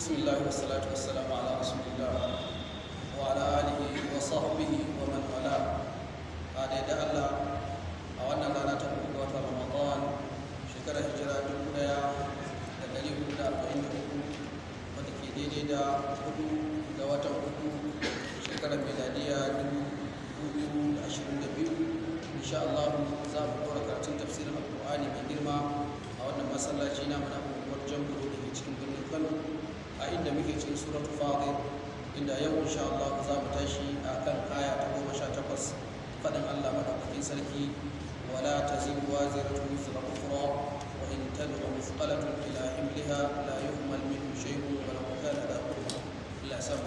bismillah wa salatu wa salamu ala rasulillah wa ala alihi wa sahbihi wa man wala a da Allah a wannan rana ta uku wata Ramadan shekarar hijira dubu daya da dari hudu da arba'in da hudu wata ke daidai da hudu da watan hudu shekarar miladiya dubu da ashirin da biyu insha Allah za mu dora karatun tafsirin al mai girma a wannan masallaci na mana unguwar da cikin birnin Kano a inda muke cikin suratul fatir inda yau insha Allah za mu tashi akan aya ta goma sha takwas faɗin Allah madaukakin sarki wala taziru waziratu wizra ukhra wa in tad'u mithqalatun ila himliha la yuhmal minhu shay'un wa law kana dha quwwa la samu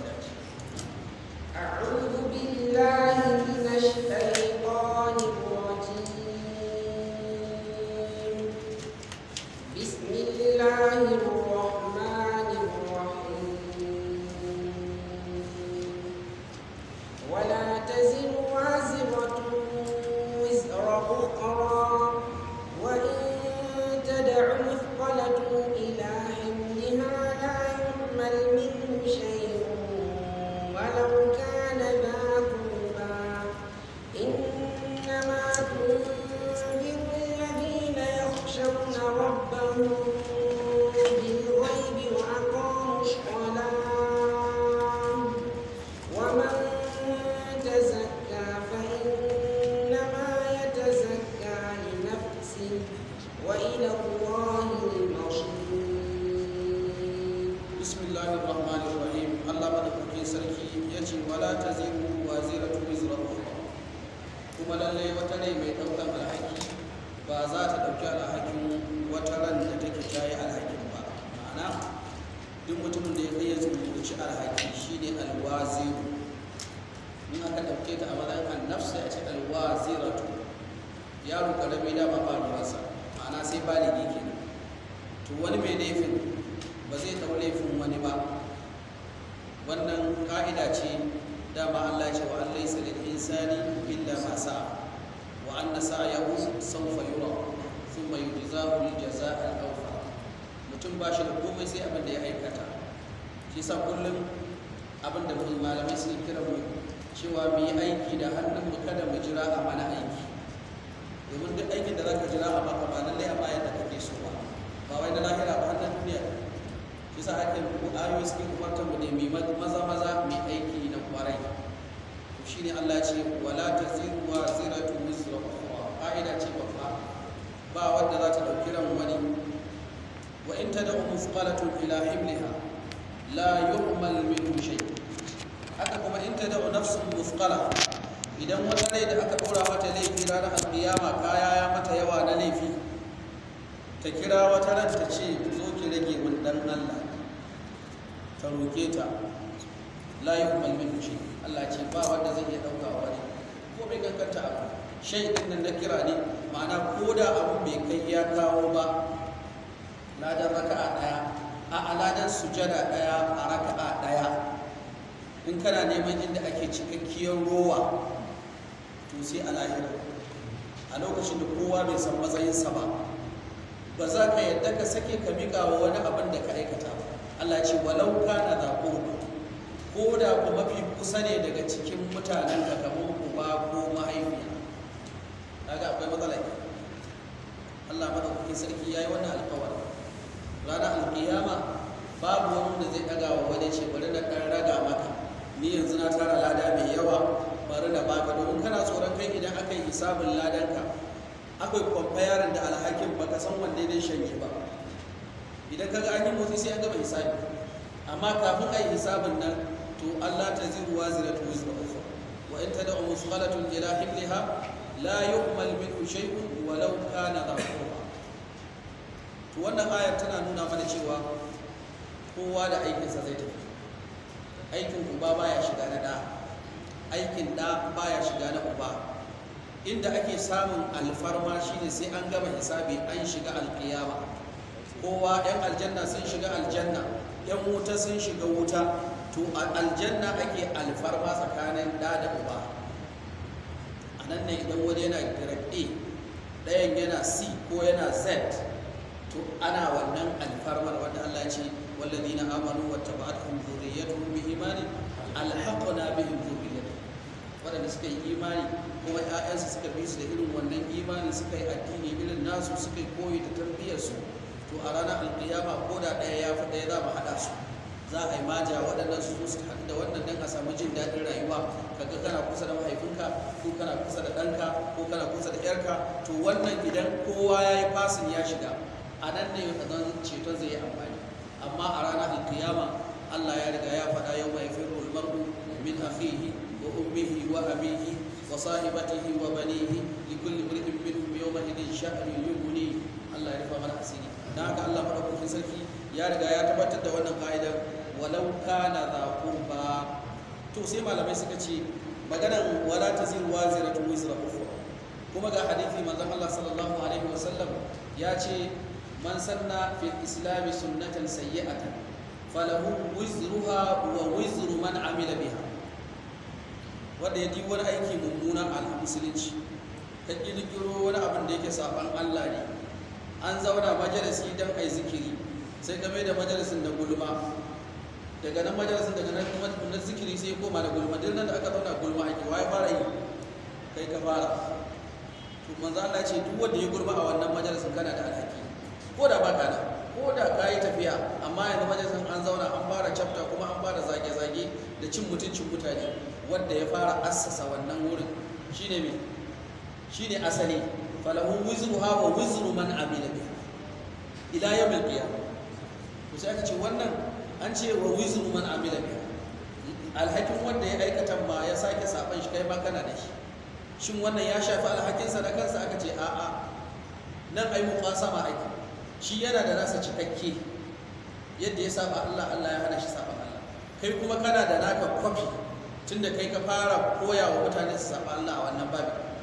sa'yahu sawfa yura thumma yujzahu al-jazaa al-awfa mutum ba shi da komai sai abin da ya aikata shi sa kullum abin da malamai suke kira mu cewa mu yi aiki da hannun mu kada mu jira a mana aiki domin duk aikin da zaka jira a maka ba lallai a bayan da kake so ba ba wai na lahira ba hannun duniya shi sa ake ayoyi suke umartar mu da mu maza maza mu aiki na kwarai shine Allah ce wala taziru wa ziratu ƙa'ida ce babba ba wadda za ta ɗauki ran wani wa in ta da umusqalatun ila himliha la yu'mal min shay haka kuma in ta da nafsun musqala idan wata rai da aka ɗora mata laifi ranar alƙiyama kaya ya mata yawa na laifi ta kira wata ran ta ce zo ki rage mun dan Allah ta roke ta la yu'mal min shay Allah ce ba wanda zai iya ɗauka wani ko bai kankanta abu shai din nan na kira ne ma'ana ko da abu mai kai ya kawo ba ladan raka a daya a aladan sujada daya a a daya in kana neman inda ake cikakkiyar rowa to sai a lahira a lokacin da kowa bai san matsayinsa ba ba za ka yadda ka sake ka miƙa wa wani abin da ka aikata ba Allah ce walau kana da ko da ku mafi kusa ne daga cikin mutanen ka kamar ba? ko kaga akwai matsala ke Allah madaukakin sarki yayi wannan alƙawari Rana alƙiyama babu wanda zai daga wa wani ce bari na ɗan raga maka ni yanzu na tara lada mai yawa bari na baka domin kana tsoron kai idan aka yi hisabin ladanka akwai kwamfayarin da alhakin baka san wanne ne shanye ba idan kaga an yi motsi sai an gama hisabi amma kafin a yi hisabin nan to Allah ta ziru wa da wuzra wa in tad'u musqalatun ila hibliha la yuqmal minhu shay'un walau kana ghafura to wannan ayar tana nuna mana cewa kowa da aikinsa zai tafi aikin uba baya shiga na da aikin da baya shiga na uba inda ake samun alfarma shine sai an gama hisabi an shiga alkiyama kowa yan aljanna sun shiga aljanna yan wuta sun shiga wuta to aljanna ake alfarma tsakanin da da uba a nan ne idan waje yana grade a ɗayan yana c ko yana z to ana wannan alfarmar wanda allah ce wata والذين آمنوا واتبعتهم ذريتهم بإيمان ألحقنا بهم ذريتهم Wadanda suka yi imani kuma ‘ya'yansu suka bi su da irin wannan imani suka yi addini irin nasu suka yi koyi da tarbiyyarsu to a ranar alkiyama ko da ɗaya ya fi ɗaya za mu haɗa su za a yi maja waɗannan su zo haɗu da wannan don a samu jin daɗin rayuwa kaga kana kusa da mahaifinka ko kana kusa da ɗanka ko kana kusa da yarka. to wannan idan kowa ya yi fasin ya shiga a nan ne zan ceton zai yi amfani amma a ranar alkiyama Allah ya riga ya faɗa yau mai firul mar'u min akhihi wa ummihi wa abihi wa sahibatihi wa banihi li kulli imrin minhum yawma idin sha'nu yughni Allah ya rufa mana asiri dan haka Allah madaukakin sarki ya riga ya tabbatar da wannan ka'idar walau kana za qurba to sai malamai suka ce maganar wala ta taziru waziratu wizra ukhra kuma ga hadithi manzon Allah sallallahu alaihi wasallam ya ce man sanna fi islami sunnatan sayyi'atan falahu wizruha wa wizru man amila biha wanda ya wani aiki mummuna a musulunci ka kirkiro wani abin da yake saban Allah ne an zauna majalisi dan ai zikiri sai game da majalisin da gulma daga nan majalisar daga nan kuma tukunan zikiri sai koma da gulma duk nan da aka zauna gulma ake waye fara yi kai ka fara to manzo Allah ya ce duk wanda ya gulma a wannan majalisun kana da alhaki ko da baka da ko da ka yi tafiya amma yanzu majalisar an zauna an fara chapta kuma an fara zage-zage da cin mutuncin mutane wanda ya fara assasa wannan wurin shine me shine asali falahu ha wa wizru man amila biha ila yawmil qiyamah to sai ka ce wannan an ce wa wizru man amila bi alhakin wanda ya aikata ma ya sake saban shi kai ba kana da shi shin wannan ya shafi alhakinsa da kansa aka ce a'a nan ai muqasama aiki shi yana da nasa cikakke yadda ya saba Allah Allah ya hana shi saban Allah kai kuma kana da naka kwafi tunda kai ka fara koya wa mutane su saba Allah a wannan babi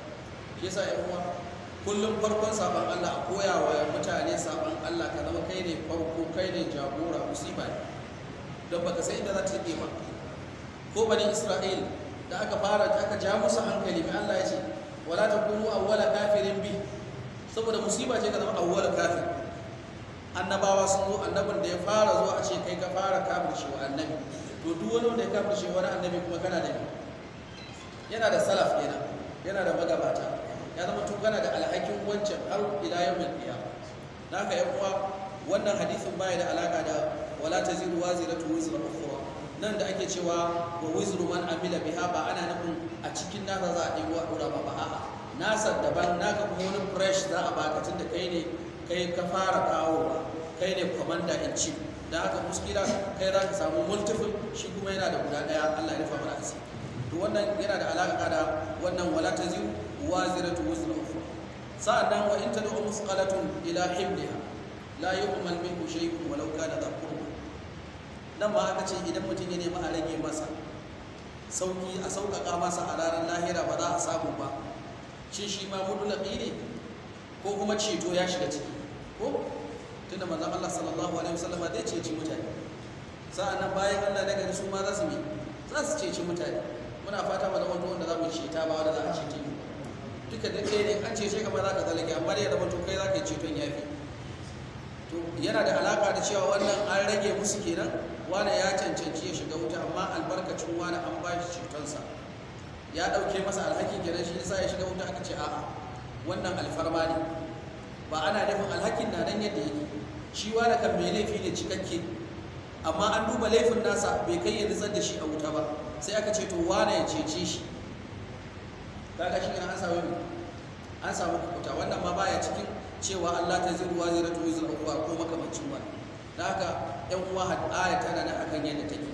shi yasa ya uwa kullum farkon saban Allah a koya wa mutane saban Allah ka zama kai ne farko kai ne jagora musiba ne don baka san inda za ta ba ko bani isra'il da aka fara aka ja musu hankali mai Allah ya ce wala ta takunu awwala kafirin bi saboda musiba ce ka zama awwala kafir annabawa sun zo annabin da ya fara zuwa a ce kai ka fara kafir shi wa annabi to duk wani wanda ya kafir shi wani annabi kuma kana da ni. yana da salaf kenan yana da magabata ya zama tun kana da alhakin wancan har ila yau mai kiyama naka yan uwa wannan hadisin baya da alaka da wala ta taziru waziratu wizra ukhra nan da ake cewa wa wizru man amila biha ba ana nufin a cikin nasa za a ɗigo a ɗora ba ba a'a nasa daban naka kuma wani fresh za a baka tunda kai ne kai ka fara kawowa kai ne commander in chief da haka muskila kai za ka samu multiple shi kuma yana da guda ɗaya Allah ya rufa mana asiri to wannan yana da alaka da wannan wala ta taziru waziratu wizra ukhra sa'an nan wa in tad'u musqalatun ila himliha la yu'mal minhu shay'un walau kana dha nan ba aka ce idan mutum ya nema a rage masa sauki a sauƙaƙa masa a ranar lahira ba za a samu ba shi shi ma mutulaƙi ne ko kuma ceto ya shiga ciki ko tunda manzon Allah sallallahu alaihi wasallam zai ceci mutane nan bayan Allah daga su ma za su mi za su ceci mutane muna fata ba zama wanda za mu ceta ba wanda za a cece mu duka da kai ne an cece ka ba za ka zalage amma da ya zama to kai za ka yi ceton yafi to yana da alaƙa da cewa wannan an rage musu kenan wane ya cancanci ya shiga wuta amma albarkacin wane an ba shi cetonsa ya ɗauke masa alhaki kenan shi yasa ya shiga wuta aka ce a'a wannan alfarma ne ba ana nufin alhakin na nan yadda yake shi wane kan mai laifi ne cikakke amma an duba laifin nasa bai kai ya nutsar da shi a wuta ba sai aka ce to wane ya cece shi shi an samu kukuta wannan ma baya cikin cewa Allah ta zirwa ziratu zirwa ko makamancin wani da haka yan uwa hadaya tana nan akan yadda take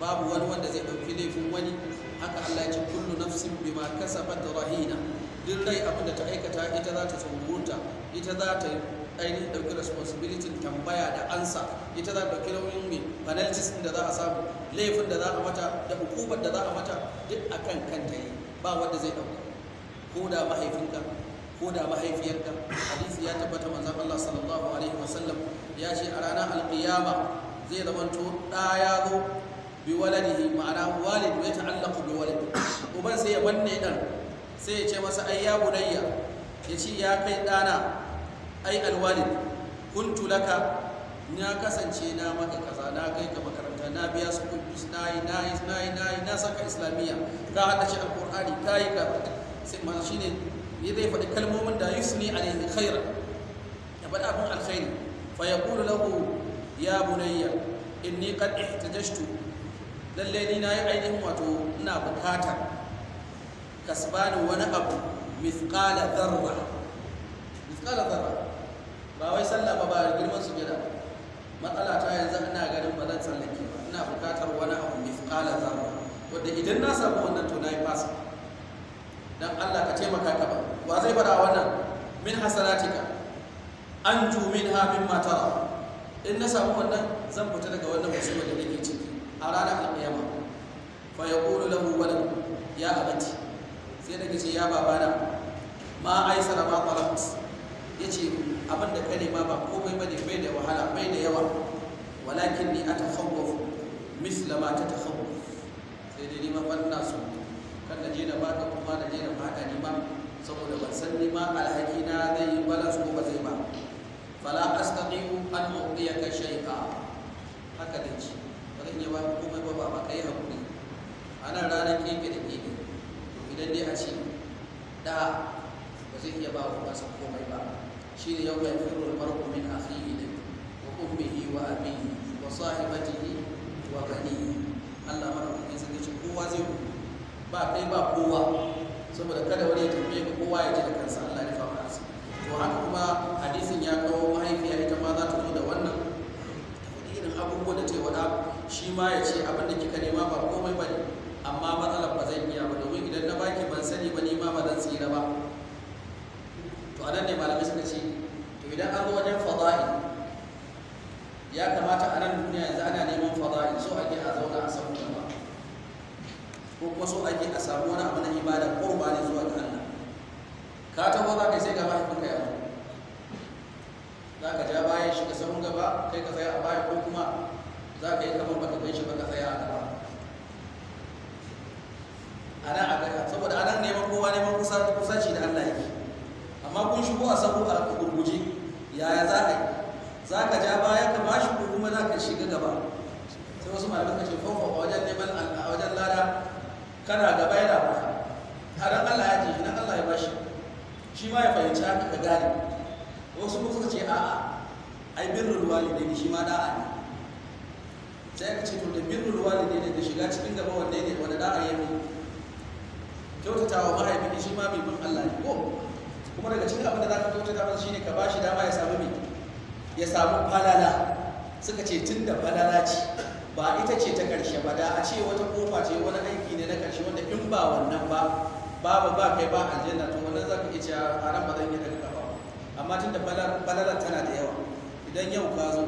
babu wani wanda zai ɗauki laifin wani haka Allah ya ce kullu nafsin bima kasabat rahina duk rai abin da ta aikata ita za ta tsoronta ita za ta ainihin ɗauki responsibility tambaya da ansa ita za ta ɗauki nauyin mai penalties da za a samu laifin da za a mata da hukumar da za a mata duk akan kanta yi ba wanda zai ɗauka ko da mahaifinka ko da mahaifiyarka hadisi ya tabbata manzon Allah sallallahu alaihi wasallam ya ce a ranar alƙiyama zai zamanto ɗa ya zo bi waladihi ma'ana walid ya ta'allaku bi walid uban sai ya banne ɗan sai ya ce masa ai ya budayya ya ce ya kai ɗana ai alwalid kuntu laka na kasance na maka kaza na kai ka makaranta na biya su kulbis na yi na yi na yi na yi na saka islamiyya ka haɗa shi alƙur'ani ka yi ka sai masu shi ne ya zai faɗi kalmomin da yusni alaihi khairan ya faɗi abin alkhairi فيقول له يا بني إني قد ainihin wato. Ina وتونا بكاتا كسبان ونأب مثقال ذرة مثقال ذرة ba wai sallah ba ba girman su gida matsala ta yanzu ina ganin ba zan tsallake ba ina bukatar wani abu mithqala wanda idan na samu wannan to nayi fasa dan Allah ka taimaka ka ba wa zai fara wannan min hasanatika an jumin hamin matara in na samu wannan zan fita daga wannan musulma da nake ciki a ranar alƙiyama fa ya ƙulu lahu walad ya abati sai daga ce ya babana ma aisara ma qalat ya ce abin da kare ma ba komai ba ne bai da wahala bai da yawa walakin ni atakhawwaf misla ta tatakhawwaf sai dai ni ma su. kan na je na baka kuma na je na fada ni ma saboda ban san ni ma alhaki na zai yi balas ko ba zai fala astati'u an u'tiyaka shay'a haka da ce ba zan iya baka komai ba ba kai hakuri ana ranar keke da keke to idan dai a ce da ba zai iya ba wa masa komai ba shi ne yau ya firul barku min akhihi wa ummihi wa abihi wa sahibatihi wa banihi Allah mana kuma sun ce kowa zai ba kai ba kowa saboda kada wani ya tambaye ka kowa ya ji da kansa Allah ne to haka kuma hadisin ya kawo mahaifiya ita ma za ta zo da wannan wani irin abubuwan da ta wada shi ma ya ce abin da kika nema ba komai ba ne amma matsalar ba zan iya ba domin idan na baki ban sani ba nema ba zan tsira ba to a nan ne malamai suka ce to idan an zo wajen fada'i ya kamata a nan duniya yanzu ana neman fada'i so ake a zauna a samu ba ko kuma so ake a samu wani abu na ibada ko ba ne zuwa ga Allah ka taho za ka sai ga mahaifinka ya yamma za ka ja bayan shiga sahun gaba kai ka tsaya a baya ko kuma za ka yi kamar baka gan shi ba ka tsaya a gaba ana a gaba saboda ana neman kowa neman kusanci da Allah yake amma kun shigo a sahu a gurguje yaya za ka yi za ka ja baya ka bashi ko kuma za ka shiga gaba sai wasu malamai ka ce fanfa a wajen neman a wajen lada kana gaba yana kusa a ran Allah ya ji shi nan Allah ya bashi shi ma ya fahimci haka ka gane wasu kuma suka ce a'a ai birrul walidai shi ma da'a ne sai ka ce to da birrul walidai ne da shiga cikin gaba wanne ne wanda da'a ya fi kyautata wa mahaifi shi ma mai bin Allah ne ko kuma daga cikin abin da za ka kyautata masa shine ka bashi dama ya samu mai ya samu falala suka ce tun da falala ce ba ita ce ta karshe ba da a ce wata kofa ce wani aiki ne na ƙarshe wanda in ba wannan ba babu ba kai ba aljanna to yanzu za ka iya cewa a nan ba zan yi daga kafa amma tun da balala tana da yawa idan yau ka zo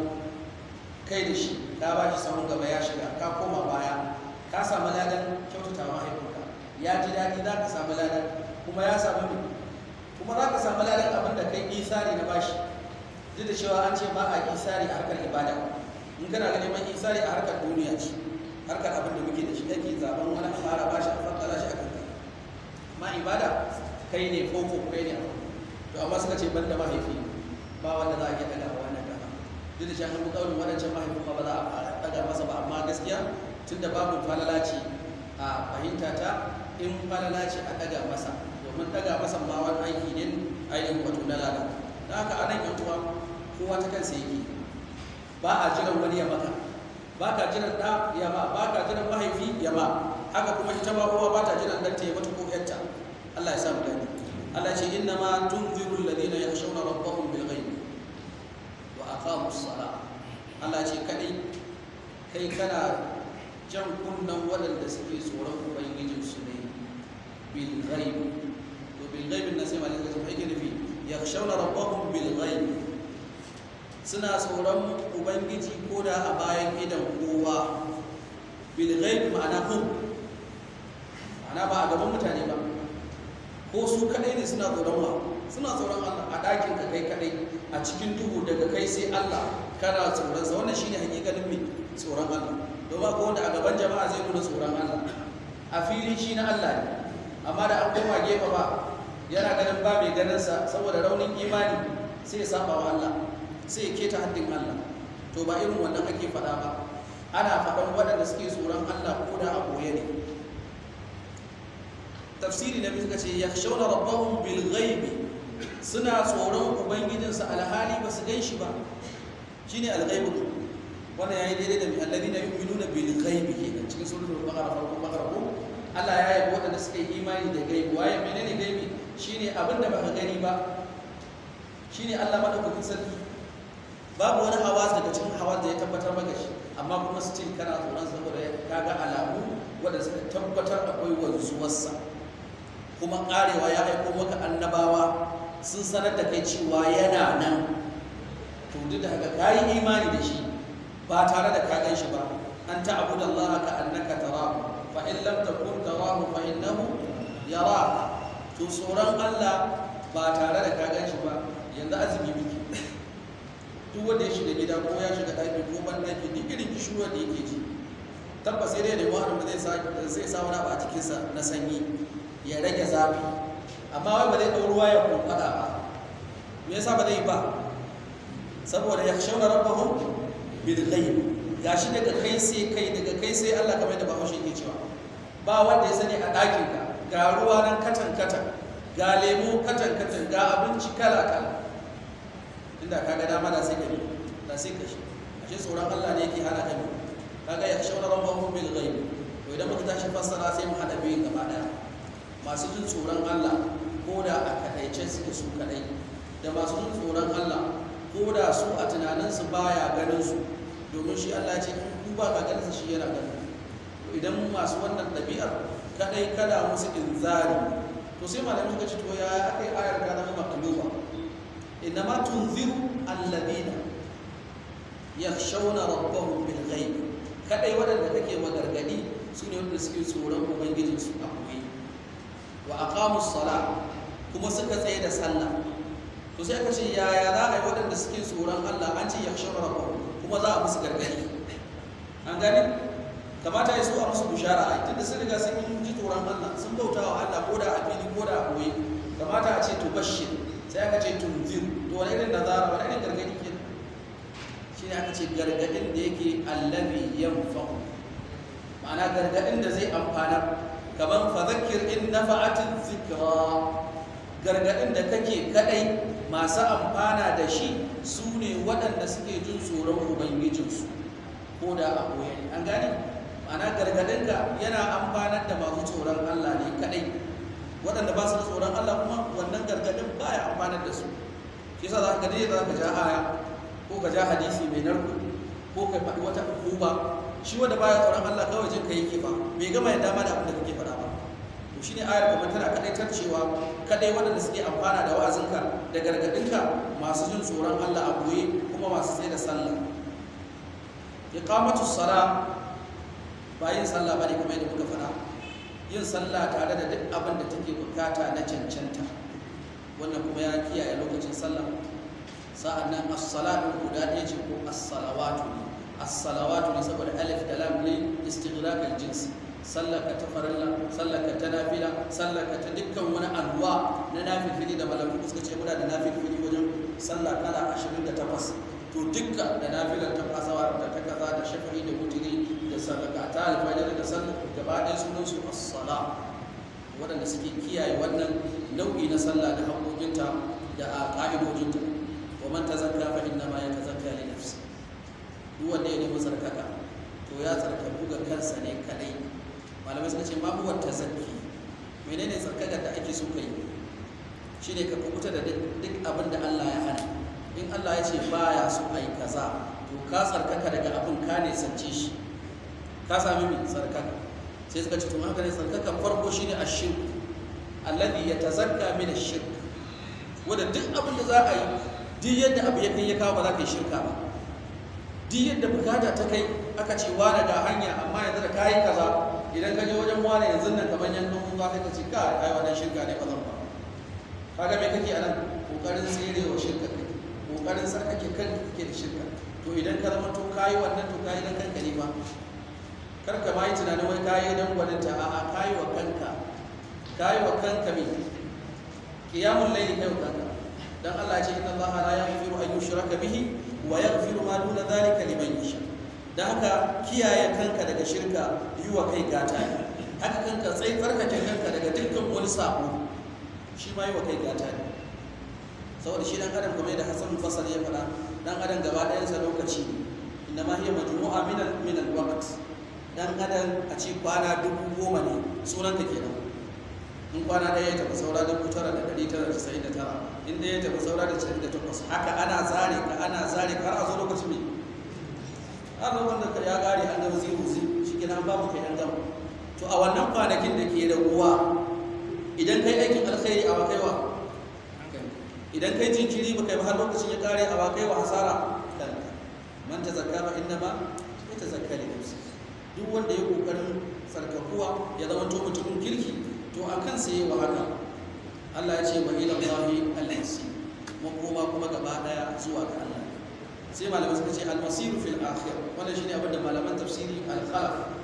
kai da shi ka ba shi sahun gaba ya shiga ka koma baya ka samu ladan kyautata mahaifinka ya ji daɗi za ka samu ladan kuma ya samu kuma za ka samu ladan abin da kai isari na bashi duk da cewa an ce ba a isari a harkar ibada in kana ga neman isari a harkar duniya ce harkar abin da muke da shi yake zaben wani fara bashi a fakkala shi a kanka ma ibada kai ne fofo kai ne to amma suka ce ban da mahaifi ba wanda za a iya daga wannan daga duk da shi an kan wani wancan mahaifin ba za a daga masa ba amma gaskiya tunda babu falalaci a fahimta ta in falalaci a daga masa domin daga masa ma wani aiki ne ainihin wato na lada da haka a nan yantuwa kowa ta kansa yake ba a jiran wani ya maka ba ka jiran ɗa ya ba ba ka jiran mahaifi ya ba haka kuma ita ba kowa ba ta jiran ɗanta ya mutu ko ƴarta Allah ya samu mu gani Allah ce inna ma tunziru alladhina yakhshawna rabbahum bil ghaib wa aqamu as-salah Allah ce kadai kai kana jan kunnan waɗanda suke tsoron ubangijin su ne bil ghaib to bil ghaib na sai malaka sun yake nufi yakhshawna rabbahum bil ghaib suna tsoron ubangiji ko da a bayan idan kowa bil ghaib ma'ana hum ma'ana ba a gaban mutane ba ko su kadai ne suna tsoron wa suna tsoron Allah a dakin ka kai kadai a cikin duhu daga kai sai Allah kana tsoron sa wannan shine hakikanin mu tsoron Allah ba ko wanda a gaban jama'a zai nuna tsoron Allah a filin shi na Allah ne amma da an koma gefe ba yana ganin ba mai ganin sa saboda raunin imani sai ya saba wa Allah sai ya keta haddin Allah to ba irin wannan ake faɗa ba ana faɗan waɗanda suke tsoron Allah ko da a ne tafsiri na biyu suka ce yakhshawna rabbahum bil ghaibi suna tsoron ubangijinsu alhali ba su gan shi ba shine al ghaibu wanda yayi daidai da mi alladina yu'minuna bil ghaibi kenan cikin suratul baqara farkon baqara ko Allah ya yabo waɗanda suka yi imani da gaibi waye menene gaibi shine abin da baka gani ba shine Allah madaukakin sarki babu wani hawa daga cikin hawas da ya tabbatar maka shi amma kuma su ce kana tsoron saboda kaga alamu waɗanda suka tabbatar akwai wanzuwarsa kuma karewa ya aiko maka annabawa sun sanar da kai cewa yana nan to duk da haka yi imani da shi ba tare da ka gan shi ba an ta'budu Allah ka annaka tarahu fa in lam takun tarahu fa innahu yara to tsoron Allah ba tare da ka gan shi ba yanzu azumi muke duk wanda ya shiga gida ko ya shiga ɗaki ko ban ɗaki duk irin kishuwa da yake ji tabbas sai dai da wani zai sa wani abu a cikinsa na sanyi ya rage zafi amma wai ba zai ɗau ruwa ya kumfada ba me yasa ba zai ba saboda ya shauna rabbahum bil ghaib gashi daga kai sai kai daga kai sai Allah kamar da Bahaushe ke cewa ba wanda ya sani a ɗakin ka ga ruwa nan katan katan ga lemu katan katan ga abinci kala kala inda kaga dama da sai ka da sai ka shi ashe tsoron Allah ne yake hana ka kaga ya shauna rabbahum bil ghaib to idan muka tashi fassara sai mu hada biyu gaba daya masu jin tsoron Allah ko da a kadaice suke su kaɗai, da masu jin tsoron Allah ko da su a tunaninsu baya ganin su domin shi Allah ce in ku ba ka ganin shi yana ganin idan masu wannan ɗabi'ar kaɗai kada musu inzari to sai malamin ka ce to ya aka yi ayar ta zama makaluba inna ma tunziru alladina yakhshawna rabbahum bil ghaib kadai wadanda take magargadi sune wanda suke tsoron ubangijinsu a wa aqamu sala kuma suka tsaye da sallah to sai aka ce yaya za a yi waɗanda suke tsoron Allah an ce yakhshu rabbahum kuma za a musu gargadi an gani kamata ya so a musu bishara a tunda sun riga sun yi ji tsoron Allah sun bauta wa Allah ko da a fili ko da a boye kamata a ce to bashir sai aka ce tunzir to wani irin nazara wani irin gargadi ke shi ne aka ce gargadin da yake allabi yanfa'u ma'ana gargadin da zai amfanar kamar fazakir in nafa'atin zikra gargadin da kake kadai masu amfana da shi su ne waɗanda suke jin tsoron ubangijinsu ko da a koyani an gane ana gargadinka yana amfanar da masu tsoron allah ne kadai waɗanda ba su da tsoron allah kuma wannan gargadin ba ya amfanar da su shi sa za ka daidai za ka ja aya ko ka ja hadisi mai narko ko ka faɗi wata hukuma shi wanda baya tsoron Allah kawai jin ka yi fa bai gama yadda ma da abin da kake faɗa ba to shine ayar kuma tana kadaitar cewa kaɗai waɗanda suke amfana da wa'azinka da gargadinka masu jin tsoron Allah a boye kuma masu tsaye da sallah iqamatu sala ba yin sallah bane kuma yadda muka faɗa yin sallah tare da duk abin da take bukata na cancanta wannan kuma ya kiyaye lokacin sallah sa'annan as-salatu guda ɗaya ce ko as-salawatu ne as-salawatu ne saboda alif da lam ne istighraq al-jins sallaka ta farilla sallaka ta nafila sallaka ta dukkan wani alwa na nafilfili da malamu suka ce muna da nafilfili wajen sallah kala 28 to dukka da nafilar ta fasawa da ta kaza da shafi'i da mutiri da sadaka ta alfajir da sallah gaba ɗaya sunan su as-sala waɗanda suke kiyaye wannan nau'i na sallah da haƙoƙinta da a ƙa'idojinta wa man tazakka fa inna ma yatazakka li nafsi duk wanda ya nemi tsarkaka to ya tsarkaku buga kansa ne kadai malamai suka ce ma wata zarki menene tsarkaka da ake so kai ne ka kubuta da duk abin da Allah ya hana in Allah ya ce ba ya so yi kaza to ka tsarkaka daga abin ka ne sance shi ka sami min tsarkaka sai suka ce to haka ne tsarkaka farko shi shine ashirk alladhi yatazakka min ashirk wanda duk abin da za a yi duk yadda abu ya kai ya kawo ba za ka yi shirka ba duk yadda bukata ta kai aka ce wane da hanya amma yanzu da kayi kaza idan ka je wajen wane yanzu nan kamar yankan kuka sai ka ce ka ai wannan shirka ne ba zan ba kaga me kake anan kokarin wa shirka kake kokarin sarkake kan kake da shirka to idan ka zama to kayi wannan to kayi dan kanka ne ba kar ka ma yi tunanin wai kayi dan gwaninta a'a kayi wa kanka kayi wa kanka me qiyamul layli kai wa kanka dan Allah ya ce inna Allah la yaghfiru an yushraka bihi wa yaghfiru ma duna zalika liman yasha da haka kiyaye kanka daga shirka yi wa kai gata ne haka kanka tsai farkace kanka daga dukkan wani sabo shi ma yi wa kai gata ne saboda shi dan adam kamar da hasan Fasal ya faɗa dan adam gaba ɗayan sa lokaci ne inna ma hiya majmu'a min al min al waqt dan adam a ce kwana dubu goma ne sunan ta kenan in kwana ɗaya ta saura dubu tara da ɗari tara da tasa'in da tara inda ya tafi saura da da takwas. haka ana zare ka ana zare ka har a zo lokacin mai har wanda ka ya kare an zama zai zero shi kenan babu kai an to a wannan kwanakin da ke raguwa idan kai aikin alkhairi a wakaiwa idan kai jinkiri ba kai ba har lokacin ya kare a wakaiwa hasara kanka man ta zakka ba inna ma ya ta zakka ne duk wanda ya kokarin sarkakuwa ya zama to mutumin kirki to a kansa yi wa haka Allah ya ce wa ila Allahi al-masir makoma kuma gaba daya zuwa ga Allah sai malamai suka ce al-masir fil akhir wannan shine abin da malaman tafsiri al-khalaf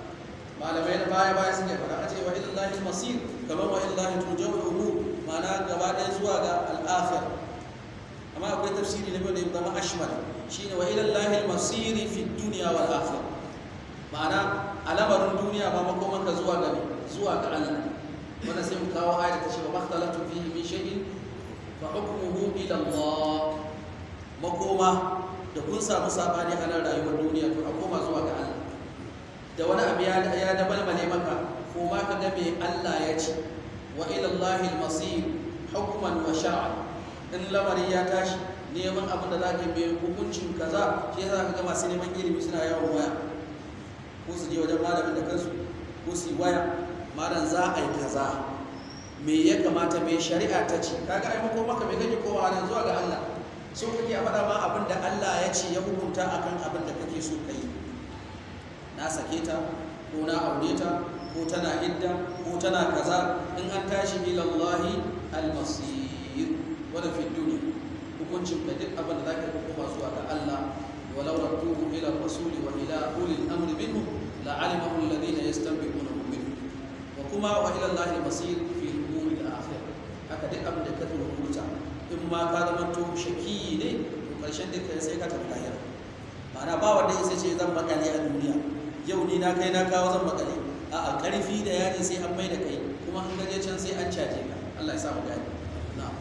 malamai na baya baya suke fara a ce wa ila Allahi al-masir kamar wa ila Allahi turja'u al-umur gaba daya zuwa ga al-akhir amma akwai tafsiri ne wanda ya zama ashmal shine wa ila Allahi al-masir fi dunya wal akhir ma'ana alamarin duniya ba makomanka zuwa ga zuwa ga Allah wanda sai mu kawo aya ta ce wa makhtalatu fihi min shay'in fa hukmuhu ila Allah makoma da kun samu sabani a nan rayuwar duniya to a koma zuwa ga Allah da wani abu ya dabalmale maka ko ma ka ga me Allah ya ce wa ila Allah al-masir hukman wa sha'a in lamari ya tashi neman abin da za ka hukuncin kaza shi yasa ka ga masu neman ilimi suna yawon waya ko su je wajen malamin da kansu ko su yi waya malam za a yi kaza me ya kamata me shari'a ta ce kaga ai mako maka me kake kowa nan zuwa ga Allah so kake a faɗa ma abin da Allah ya ce ya hukunta akan abin da kake so kai. na sake ta ko na aure ta ko tana idda ko tana kaza in an tashi ilallahi almasir wala fi dunya hukuncin ka duk abin da zaka kuma zuwa ga Allah walau radduhu ila rasuli wa ila ulil amri minhum la'alimahu alladhina yastanbiquna kuma wa ila Allah al-masir fi al-umuri al haka duk abin da ka zo rubuta in ma ka zama to shaki ne to karshen da kai sai ka tafi lahira ma'ana ba wanda sai ce zan makale a duniya yau ni na kai na kawo zan makale a a karfi da yaji sai an mai da kai kuma an gaje can sai an caje ka Allah ya sa mu gani na'am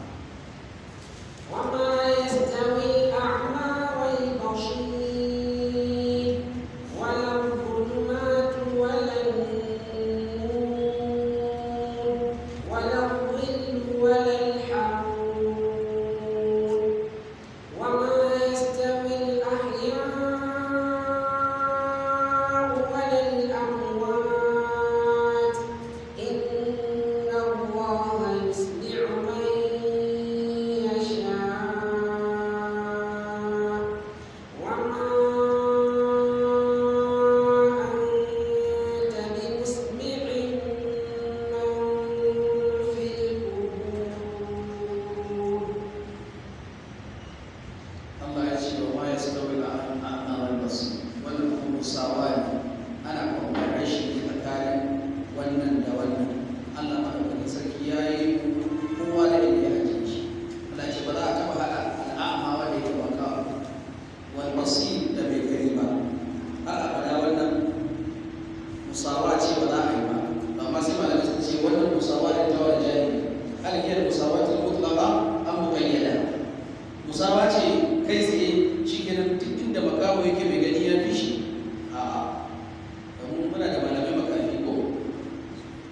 wa ma yastawi kai tsaye shi nan duk inda makaho yake mai gani ya fi shi a domin muna da malamai makafi ko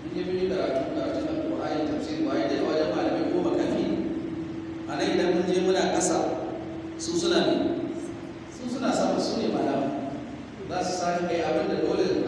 in yi mini karatu kuma ayin tafsir waye da wajen malamai ko makafi a nan idan mun je muna ƙasa su suna ne su suna samun su ne malamai za su sa kai abin da dole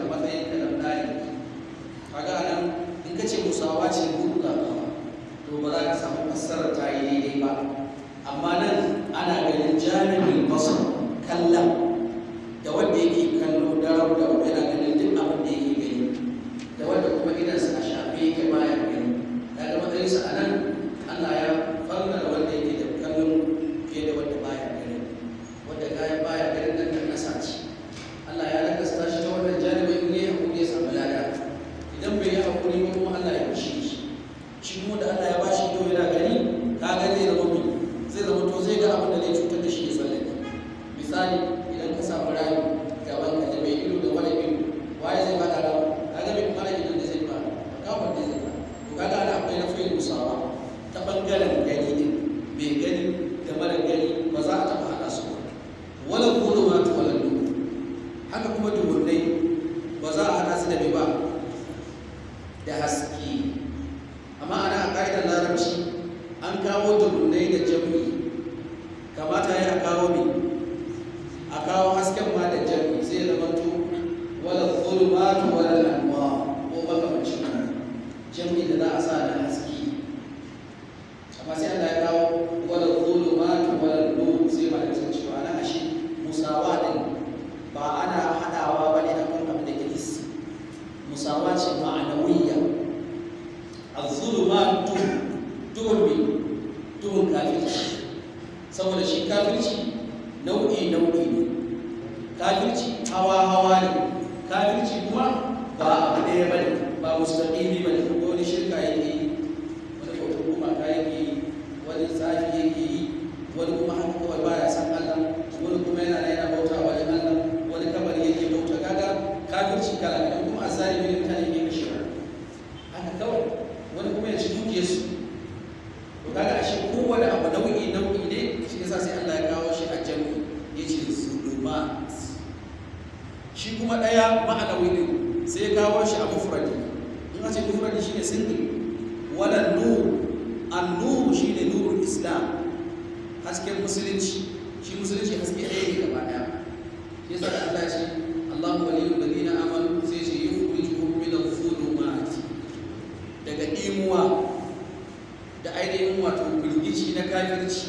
buge su to kaga ashe kowane abu nau'i nau'i ne shi yasa sai Allah ya kawo shi a jami'i yace zulumat shi kuma daya ma'anawi ne sai ya kawo shi a mufradi in ce mufradi shine single wala nur an-nur shine nurul islam hasken musulunci shi musulunci haske ɗaya ne gaba ɗaya shi yasa da Allah ce Allahu waliyul ladina amanu sai shi yukhrijuhum min adh-dhulumati daga imuwa ainihin wato firgici na kafirci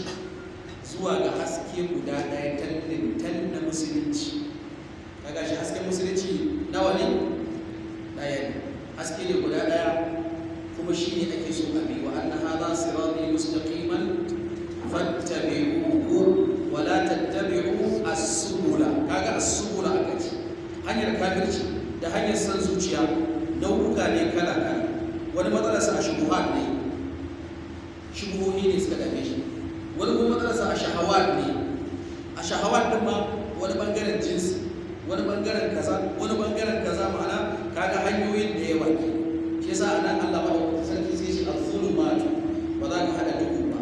zuwa ga haske guda ɗaya tallin tal na musulunci kaga shi hasken musulunci nawa ne ɗaya ne haske ne guda ɗaya kuma shi ne ake so a bi wa anna hadha sirati mustaqiman fattabi'uhu wa la tattabi'u as-subula kaga as-subula aka ce hanyar kafirci da hanyar san zuciya nau'uka ne kala kala wani matsalarsa a shubuhat ne shubuhohi ne suka dame shi wani kuma matsalarsa a shahawar ne a shahawar din ma wani bangaren jinsi wani bangaren kaza wani bangaren kaza ma'ana kaga hanyoyin da yawa ke shi yasa nan Allah ba da sarki sai shi az-zulumat ba za ka hada duhu ba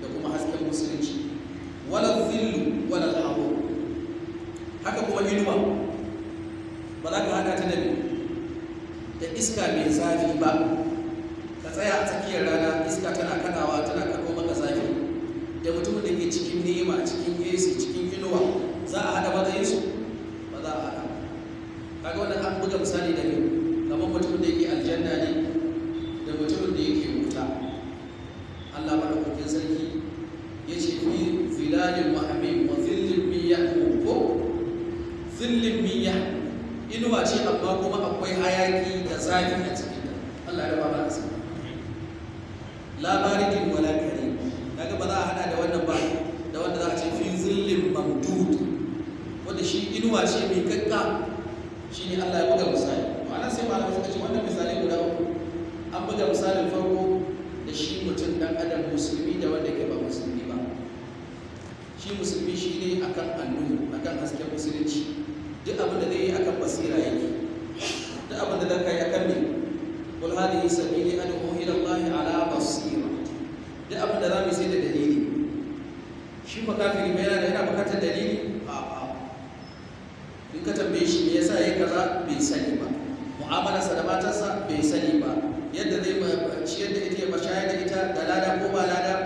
da kuma hasken musulunci wala zillu wala hawo haka kuma inuwa ba za ka hada ta da da iska mai zafi ba ka tsaya a tsakiyar rana iska tana kadawa tana kado maka zafi da mutumin da ke cikin nema cikin yesu cikin inuwa za a hada maka yesu ba za a hada kaga wannan an buga misali da biyu kamar mutumin da ke aljanna ne da mutumin da yake wuta Allah madaukakin sarki ya ce fi zilalin muhammin wa zillin miya. ko zillin miya. inuwa ce amma kuma akwai hayaki da zafi a cikin Allah ya raba mana labarijin wala kare kaga ba za a hada da wannan ba da wanda za a ce fi zillin mamdud wanda shi inuwa ce mai kakka shi ne Allah ya buga misali ma'ana sai malamai suka ce wannan misali guda uku an buga misalin farko da shi mutum dan adam musulmi da wanda ke ba musulmi ba shi musulmi shi ne akan annu akan hasken musulunci duk abin da zai yi akan basira yake duk abin da zaka yi akan ne qul hadhihi sabili ad'u ila Allah ala abinda da za mu sai da dalili shi ba kafiri ba yana yana bukatar dalili a a in ka tambaye shi me yasa yayi kaza bai sani ba mu'amalarsa da matarsa bai sani ba yadda zai ba ciyar da ita ya shayar da ita da lada ko ba lada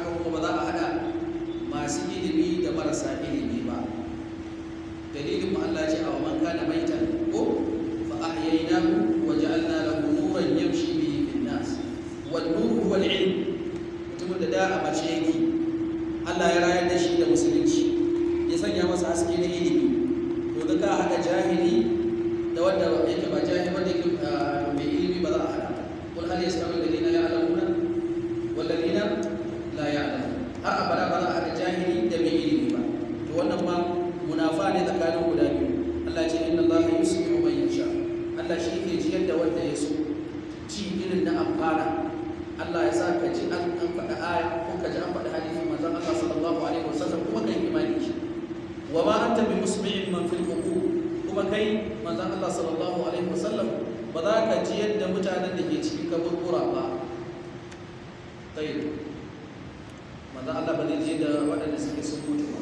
haka kuma ba za a hada masu ilimi da marasa ilimi ba dalilin mu Allah ce a man kana maitan ko fa ahyaynahu wa ja'alna lahu nuran yamshi bihi fin nas wal nur wal ilm mutumin da da a mace yake Allah ya rayar da shi da musulunci ya sanya masa haske na ilimi to da ka hada jahili da wanda yake ba jahili wanda yake ah, mai ilimi ba za a haɗa. hada kul hal yastawi je da waɗanda suke sun mutu ba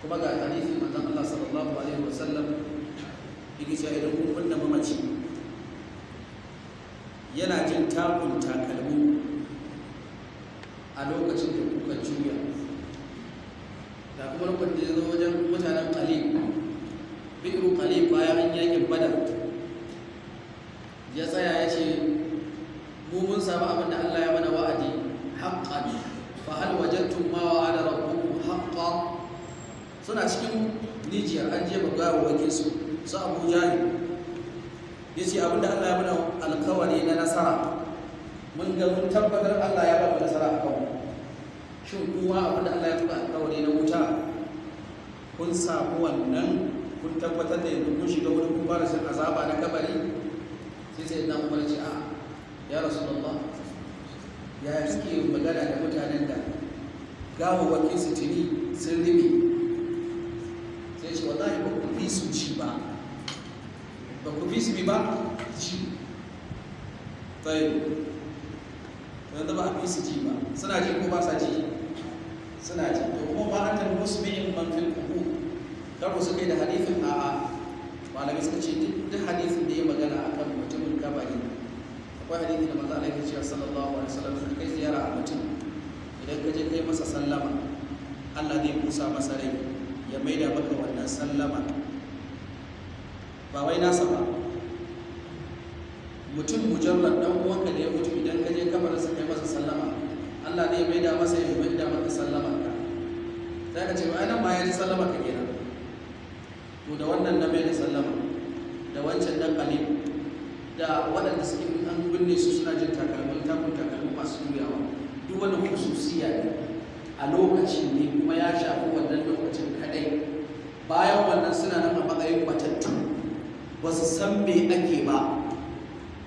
kuma ga hadisi manzon Allah sallallahu alaihi wa sallam yake cewa idan kun kunna mamaci yana jin takun takalmi a lokacin da kuka juya da kuma lokacin da ya zo wajen mutanen qalib bi'ru qalib bayan an yakin badar jefa wake su su abu jahil ya ce abinda allah ya bada alkawari na nasara mun ga mun tabbatar allah ya bada nasara a kawo. shin kuma abinda allah ya taɓa alkawari na wuta kun samu wannan kun tabbatar da yadda kun shiga wurin kun fara shin azaba na kabari sai sai na kuma ce a ya rasu allah ya suke magana da mutanen da wake su tuni sun ribe ya ce wallahi ba ku fi su ci ba ba ku fi su ba ci tsaye wanda ba fi su ji ba suna ji ko ba sa ji suna ji to kuma ba an tarbi wasu min man fil kuhu kar su kai da hadithin a'a malamai suka ce duk hadithin da ya magana akan mutumin kabari akwai hadithi da manzo alaihi cewa sallallahu alaihi wasallam ka kai ziyara a mutum idan ka je kai masa sallama Allah zai busa masa rai ya maida maka wannan sallama ba wai nasa ba mutum mujallar dan uwanka da ya mutu idan ka je kamar sa kai masa sallama Allah ne ya maida masa ya maida maka sallama ka za ka ce ba nan ma ya ji sallama ka kenan to da wannan na mai da sallama da wancan dan alim da waɗanda suke an binne su suna jin takalmin takun takalmin masu juyawa duk wani khususiyya ne a lokacin ne kuma ya shafi wannan lokacin kadai bayan wannan suna nan a matsayin matattu ba su san me ake ba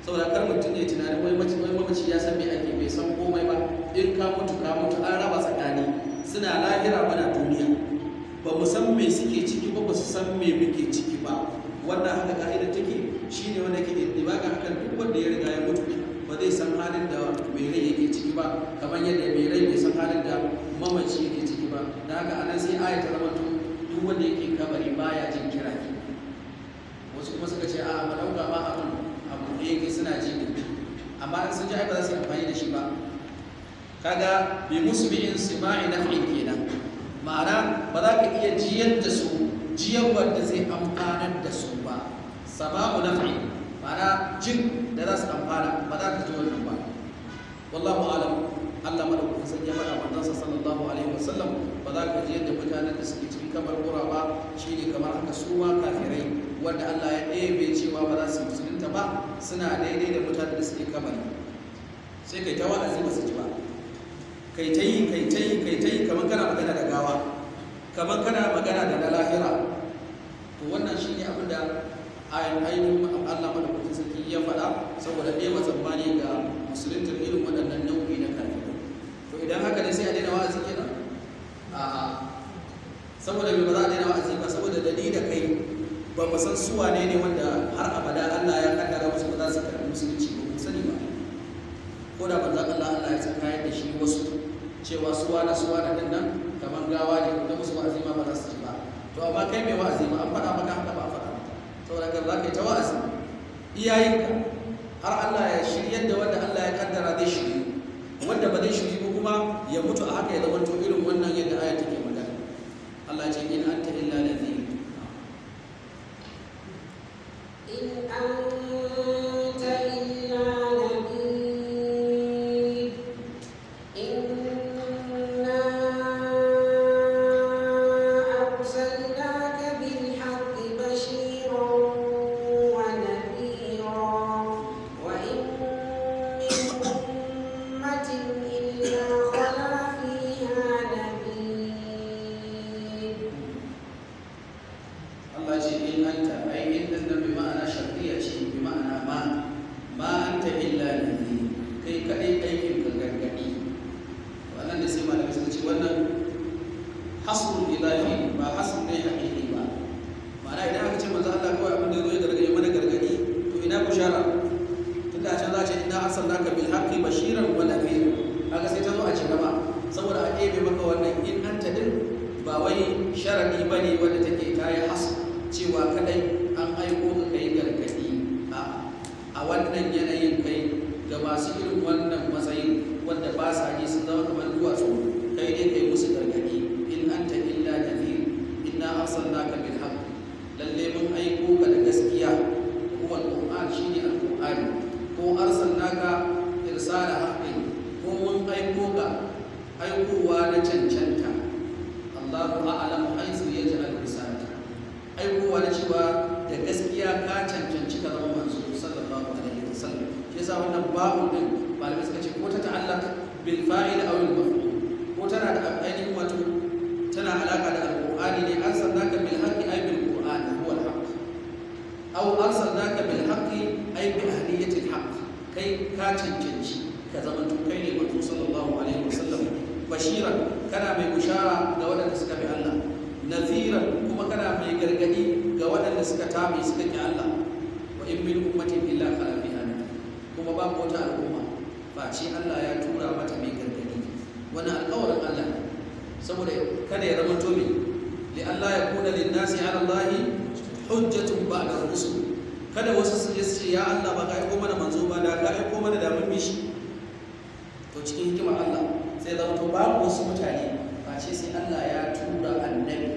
saboda kar mutum ya tunanin wai mace wai mamaci ya san me ake bai san komai ba in ka mutu ka mutu an raba tsakani suna lahira bana duniya ba mu san me suke ciki ba ba su san me muke ciki ba wannan haka ka'idar take shine wanda ke indibaga hakan duk wanda ya riga ya mutu ba zai san halin da mai rai yake ciki ba kamar yadda mai rai bai san halin da mamaci yake ciki ba da haka anan sai aya ta zama duk wanda yake kabari baya jin kira wasu kuma suka ce a madauka ba abin abu da yake suna ji ne amma sun ji ai ba za su amfani da shi ba kaga bi musu sima'i na fi'in kenan ma'ana ba za ka iya jiyar da su jiyar da zai amfanar da su ba sama'u na ma'ana jin da za su amfana ba za ka ji wannan ba wallahu alam Allah madaukakin sarki ya faɗa manzon sa sallallahu alaihi wasallam ba za ka ji yadda mutanen da suke cikin kamar kura ba shine kamar haka su ma kafirai wanda Allah ya ɗebe cewa ba za su musulunta ba suna daidai da mutanen da suke kamar sai kai ta wa'azi ba su ji ba kai ta yi kai ta yi kai ta yi kamar kana magana da gawa kamar kana magana da na lahira to wannan shine abin da ainihin Allah madaukakin sarki ya faɗa saboda ɗaya ne ga musulunta irin waɗannan idan haka ne sai a daina wa'azi kenan a'a saboda mai ba za a daina wa'azi ba saboda da ni da kai ba mu san su wane ne wanda har abada Allah ya kaddara musu ba za su karbi musulunci ba mu sani ba ko da banza Allah Allah ya tsaka yadda shi wasu cewa su wane su wane din nan kamar gawa ne da musu wa'azi ma ba za su ci ba to amma kai mai wa'azi ma an faɗa maka haka ba a faɗa saboda ka za ka yi ta wa'azi iyayenka har Allah ya shiryar da wanda Allah ya kaddara zai shiryu wanda ba zai shiryu kuma ya mutu a haka ya zama to irin wannan yadda aya take magana Allah ce in anta illa nadhir in anta face Allah ya tura mata mai gargadi wani alƙawarin Allah ne saboda kada ya zama tomi li Allah ya kuna lin nasi ala Allah hujjatun ba'da rusul kada wasu su ce ya Allah ba ka ko mana manzo ba da ka ko mana da mun mishi to cikin hikimar Allah sai zama to babu wasu mutane face sai Allah ya tura annabi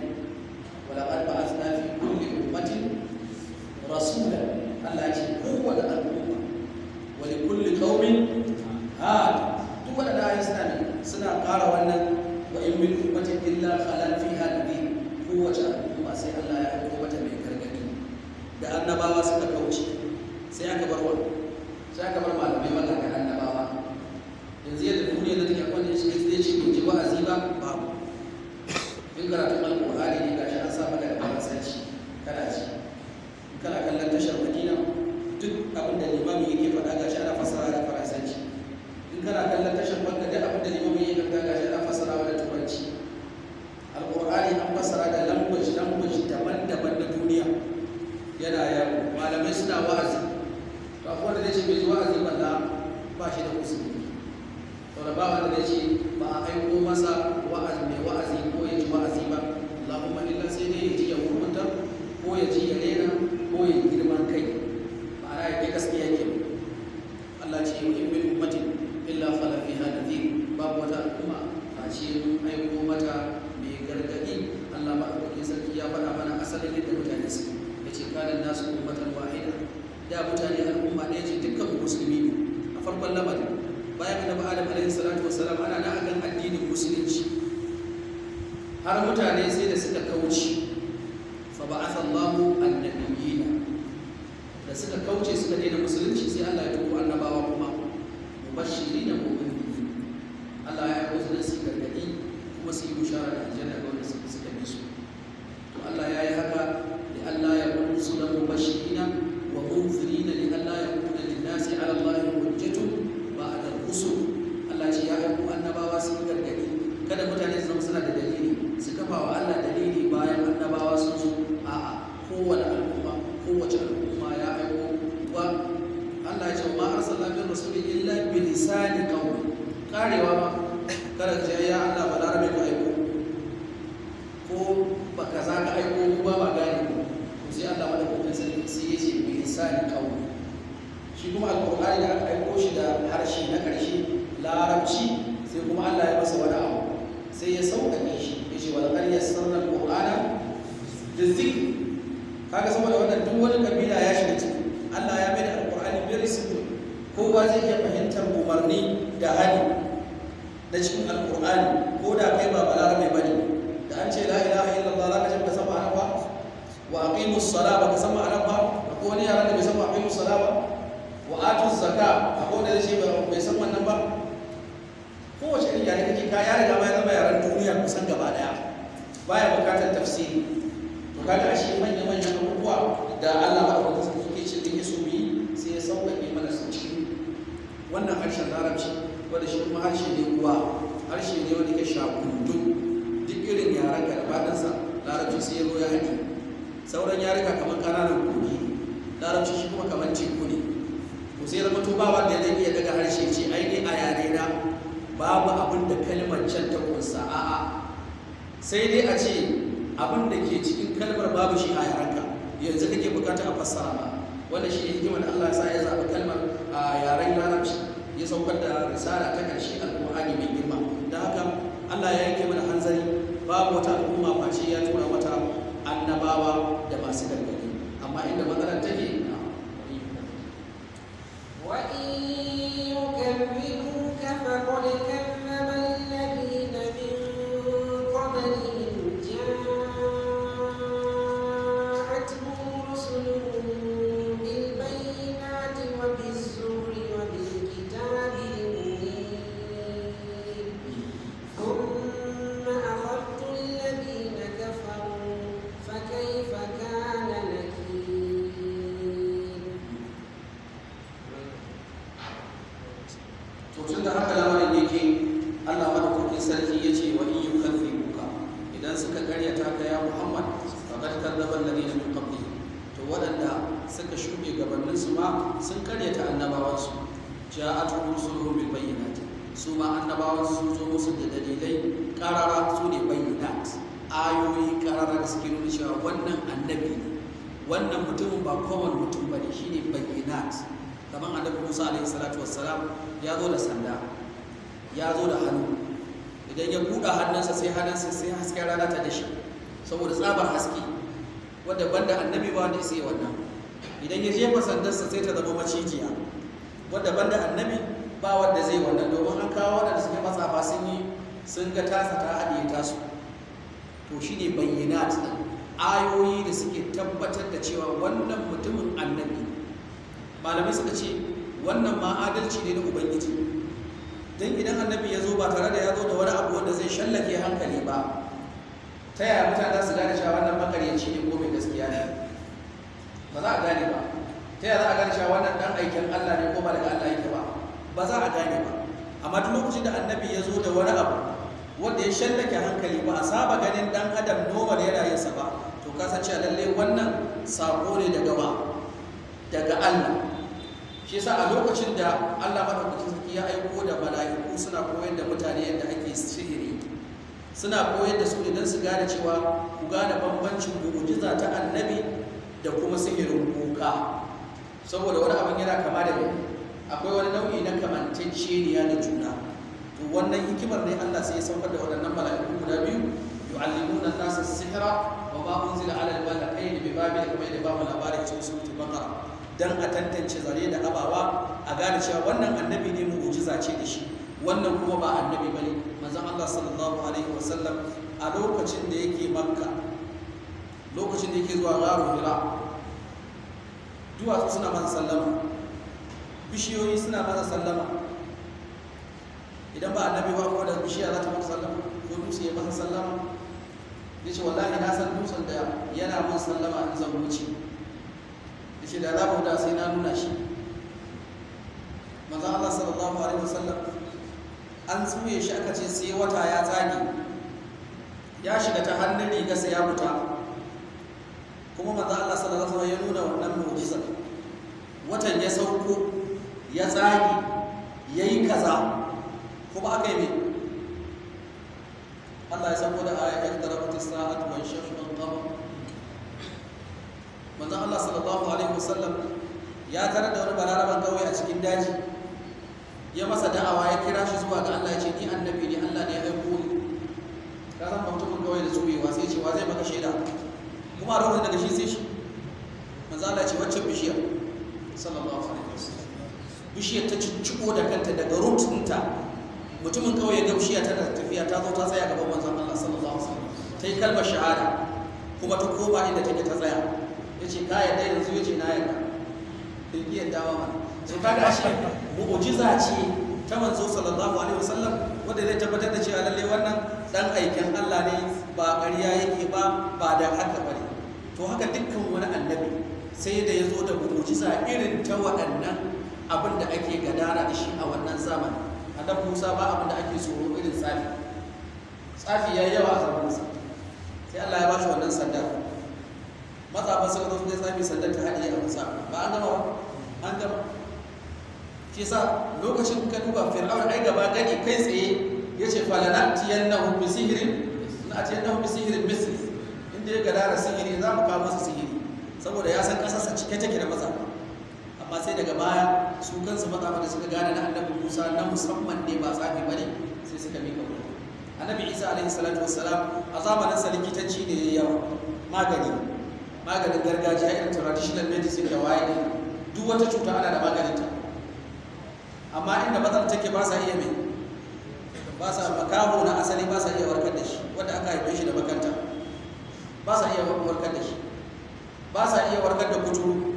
to tun da haka lamarin yake Allah madaukakin sarki ya ce wa in yukazzibuka idan suka karyata ka ya Muhammad faqad kadzdzaba alladhina min qablihim to waɗanda suka shuɗe gabaninsu ma sun karyata annabawansu ja'atuhum rusuluhum bil bayyinati su ma annabawan su zo musu da dalilai karara su ne bayyinat ayoyi karara da suke nuna cewa wannan annabi ne wannan mutumin ba kowane mutum bane shine bayyanat kamar annabi Musa alaihi salatu wassalam ya zo da sanda ya zo da hannu idan ya buɗe hannunsa sai hannunsa sai hasken rana ta dashi saboda tsabar haske wanda banda annabi ba wanda sai wannan idan ya jefa sandarsa sai ta zama macijiya wanda banda annabi ba wanda zai wannan domin an kawo wadanda suke matsafa sun yi sun ga tasa ta haɗiye tasu to shi ne bayyana ayoyi da suke tabbatar da cewa wannan mutumin annabi malamai suka ce wannan ma adalci ne na ubangiji don idan annabi ya zo ba tare da ya zo da wani abu wanda zai shallake hankali ba ta yaya mutane su gane cewa wannan makaryaci ne ko mai gaskiya ne ba za a gane ba ta yaya za a gane cewa wannan dan aikin Allah ne ko ba daga Allah yake ba ba za a gane ba amma duk lokacin da annabi ya zo da wani abu wanda ya shallake hankali ba a saba ganin dan adam normal yana yin sa ba to ka san cewa lalle wannan sako ne daga ba daga Allah shi yasa a lokacin da Allah madaukakin sarki ya aiko da mala'iku suna koyar da mutane yadda ake sihiri suna koyar da su idan su gane cewa ku gane bambancin mu'jiza ta annabi da kuma sihirin kuka saboda wani abin yana kama da akwai wani nau'i na kamanceceniya da juna to wannan hikimar ne Allah sai ya saukar da waɗannan mala'iku guda biyu yu'allimuna an-nasa sihra wa ma unzila 'ala al-malakaini bi babil kamar da ba mu labarin cikin suratul don a tantance zare da abawa a gane cewa wannan annabi ne mu'ujiza ce da shi wannan kuma ba annabi bane manzon Allah sallallahu alaihi wasallam a lokacin da yake makka lokacin da yake zuwa garu hira duwatsu suna masa sallama bishiyoyi suna masa sallama idan ba annabi ba kuma da bishiya za ta masa sallama ko dutse ya masa sallama ya ce wallahi na san dutsen da yana masa sallama in zan wuce ya ce da alamu da sai na nuna shi manzan Allah sallallahu alaihi wasallam an tsuye shi aka ce sai wata ya tsage ya shiga ta hannun gasa ya fita kuma manzan Allah sallallahu alaihi wasallam ya nuna wannan mu'jiza watan ya sauko ya tsage ya yi kaza kuma aka yi mai Allah ya sako da ayatul darabatu sa'atu wa shaqqal qamar manzon Allah sallallahu alaihi wasallam ya tarar da wani balaraban kauye a cikin daji ya masa da'awa ya kira shi zuwa ga Allah ya ce ni annabi ne Allah ne ya aiko ni ka san mutumin kauye da zubewa sai ce wa zai maka shaida kuma rawanin daga shi sai shi manzo Allah ya ce wacce bishiya sallallahu alaihi wasallam bishiyar ta cicciko da kanta daga rutunta. mutumin kauye ga bishiya tana tafiya ta zo ta tsaya gaban manzon Allah sallallahu alaihi wasallam ta yi kalmar shahada kuma ta koma inda take ta tsaya ya ce ka yadda yanzu ya ce na yadda bai yi yadda ba so ba. ga shi mu'ujiza ce ta manzo sallallahu alaihi wasallam wanda zai tabbatar da cewa lalle wannan dan aikin Allah ne ba ƙarya yake ba ba da haka bane to haka dukkan wani annabi sai da ya zo da mu'ujiza irin ta waɗannan abin da ake gadara da shi a wannan zamani annabi Musa ba abin da ake tsoro irin tsafi tsafi yi yawa a sa. sai Allah ya ba shi wannan sandar matsafa suka zo suka tsami sandan ta haɗe a musa ba an gama an gama shi sa lokacin ka duba fir'aun ai gaba gani kai tsaye ya ce falanatiyan na hukun sihirin na a cikin na hukun sihirin misli inda ya gadara sihiri za mu kawo masa sihiri saboda ya san ƙasarsa cike take da matsafa amma sai daga baya su kansu matsafa da suka gane na annabi musa na musamman ne ba tsafi ba ne sai suka mika wurin annabi isa alaihi salatu wassalam a zamanin sa likitanci ne ya yawa magani maganin gargajiya irin traditional medicine da waye duk wata cuta ana da maganinta amma inda matsalar take ba sa iya mai ba sa makaho na asali ba sa iya warkar da shi wanda aka haife shi da makanta ba sa iya warkar da shi ba sa iya warkar da kuturu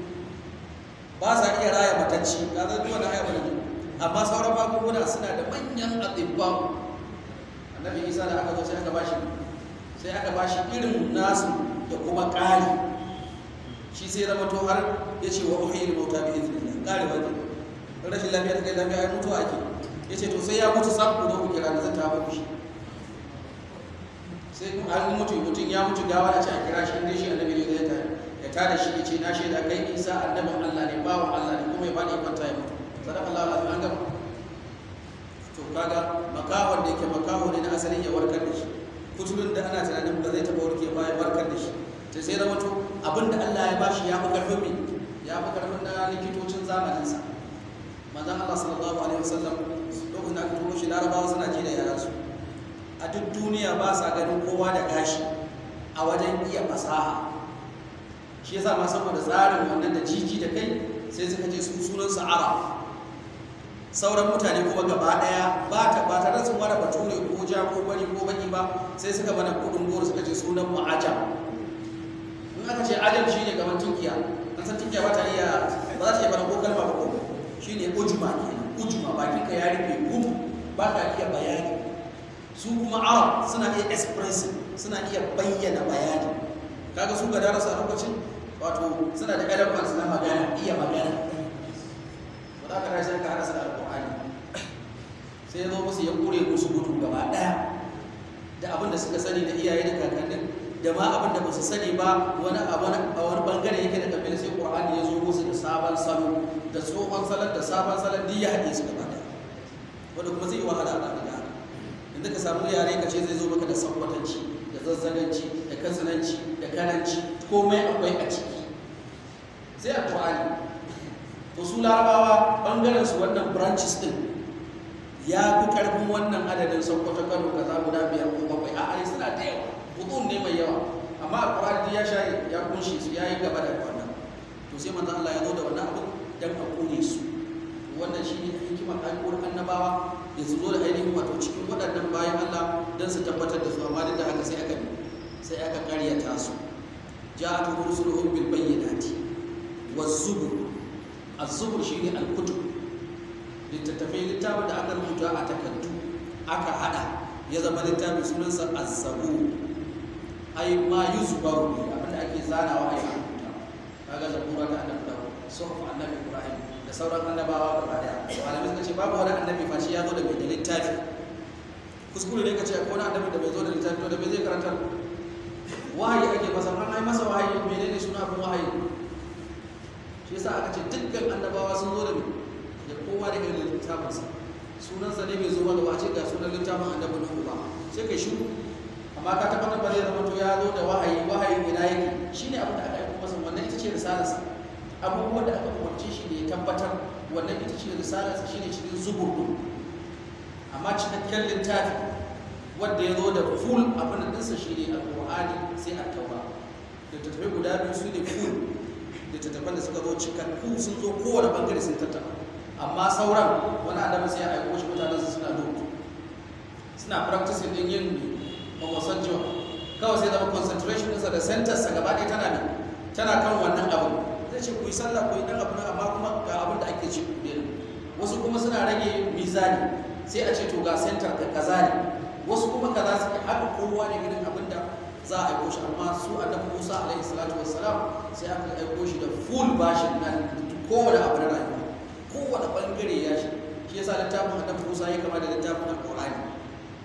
ba sa iya raya matacci ga zai duwanda haya wani amma sauran magunguna suna da manyan atibbamu annabi isa da aka zo sai aka bashi sai aka bashi irin nasu da kuma ƙari shi sai zama to har ya ce wa uhiyil ta bi idhnillah ƙari wani rashin lafiya ta kai lafiya ya mutu ake ya ce to sai ya mutu sam ku zo kira da zata ba shi sai kuma an mutu mutum ya mutu gawa a ce a kira shi inda shi a nabi zai ta ya da shi ya ce na shaida kai isa annabin Allah ne bawan Allah ne kuma ya bani kwanta ya mutu sadaka Allah an gama to kaga makawon da yake makawo ne na asalin ya warkar da shi kutulun da ana tunanin ba zai taba warke ba ya warkar da shi ta sai zama to abinda Allah ya bashi ya fi karfin mai ya fi karfin na likitocin zamaninsa manzon Allah sallallahu alaihi wasallam lokacin da aka turo shi larabawa suna ji da yaran su a duk duniya ba sa ganin kowa da gashi a wajen iya fasaha shi yasa ma saboda tsarin wannan da jiji da kai sai suka je su sunan su arab sauran mutane kuma gaba daya ba ta ba tare sun wada bature ko ja ko bari ko baki ba sai suka bana kudin goro suka ce sunan mu in aka ce adalci ne gaban tinkiya an san tinkiya ba iya ba za ta iya bana ko kalma ba ko shi ne ujuma ke ujuma bakin ka ya rufe gum ba ka iya bayani su kuma arab suna iya expressing suna iya bayyana bayani kaga su ga darasa lokacin wato suna da eloquence na magana iya magana ba za ka rashin ka harasa da alƙur'ani sai ya zo musu ya kure musu gudu gaba ɗaya da abin da suka sani da iyaye da kakannin da ma abin da ba su sani ba wani a wani bangare yake da kabila sai qur'ani ya zo musu da sabon salo da tsohon salon da sabon salon duk ya haɗe su gaba ɗaya wanda kuma zai yi wahala a ɗaga inda ka samu yare ka ce zai zo maka da sabbatanci da zazzananci da kasananci da karanci komai akwai a ciki sai a qur'ani to su larabawa bangaren su wannan branches din ya fi karfin wannan adadin sabbatan kano kaza guda biyar ko bakwai a'a suna da yawa butun ne mai yawa amma alqur'ani ya shayi ya kunshi su yayi gaba da wannan to sai manzo Allah ya zo da wannan abu dan a kone su wannan shi ne hikimar aikuwar annabawa da su zo da ainihin wato cikin waɗannan bayan Allah don su tabbatar da su amma duk da haka sai aka sai aka kariya ta su ja'atu rusuluhum bil bayyinati waz-zubur az-zubur shi ne al-kutub littattafai littafin da aka rubuta a takardu aka hada ya zama littafin sunansa az-zabur ai ma baro ne abinda ake zanawa ai rubuta kaga zabura ta annabi dawo suhuf annabi ibrahim da sauran annabawa gaba daya malamai suka ce babu wani annabi fashi ya zo da da littafi kuskure ne ka ce ko na annabi da bai zo da littafi to da bai zai karanta wahayi ake masa an ai masa wahayi menene suna abin wahayi shi yasa aka ce dukkan annabawa sun zo da da kowa da irin littafinsa sunansa ne bai zo ba da wace ga sunan littafin annabi na ba sai kai shi amma ka tabbatar ba zai zama to ya zo da wahayi wahayi ina yake shine abin da aka yi kuma masa wannan ita ce risalarsa abubuwan da aka umarce shi ne ya tabbatar wannan ita ce risalarsa shine cikin zuburdu amma cikakken littafi wanda ya zo da full abin dinsa shine alqur'ani sai at-tauba tafi guda biyu su ne full tafi da suka zo cikakku sun zo kowane bangare sun tattaba amma sauran wani annabi sai ya aiko shi mutanen suna dogo suna practice din yin ba kawai sai zama concentration ɗinsa da sa gaba ɗaya tana ne tana kan wannan abu zai ce ku yi sallah ku yi ɗan abu amma kuma ga abin da ake ci ku wasu kuma suna rage mizani sai a ce to ga center ka kaza ne wasu kuma kaza suke haɗa kowa ne irin abin da za a aiko shi amma su annabi Musa alaihi salatu wassalam sai aka aiko shi da full bashin nan kowane abu na rayuwa kowane bangare ya shi shi yasa littafin annabi Musa ya kama da littafin Al-Qur'ani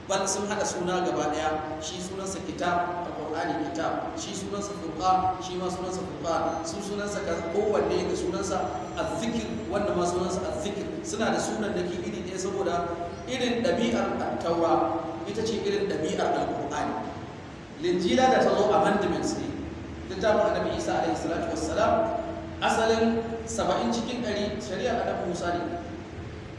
bal sun hada suna gaba daya shi sunansa kitab a qur'ani kitab shi sunansa furqan shi ma sunansa furqan su sunansa kowanne da sunansa azzikir wanda ma sunansa azzikir suna da sunan da ke iri ɗaya saboda irin ɗabi'ar taura ita ce irin ɗabi'ar alƙur'ani linjila da ta zo amendments ne littafin annabi isa alaihi salatu wassalam asalin saba'in cikin ɗari shari'a annabi musa ne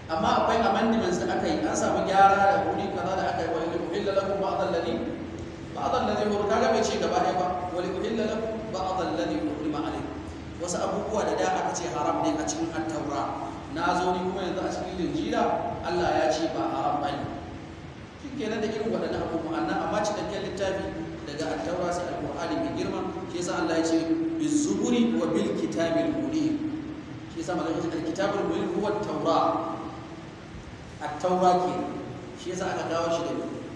amma akwai amendments da aka yi an samu gyara da wuri kaza da aka yi wa ilmu illa a ba'd Ba a alladhi ba. kaga bai ce gaba ɗaya ba wa illa lakum ba'd alladhi hurima alaykum wasu abubuwa da da aka ce haram ne a cikin at-taura na zo ni kuma yanzu a cikin linjila Allah ya ce ba haram bane shi kenan da irin waɗannan abubuwa Annan amma cikakken littafi daga at-taura sai al mai girma shi yasa Allah ya ce bizuburi wa bil kitabil munir shi yasa malaka al-kitabul munir huwa at-taura at ke shi yasa aka kawo shi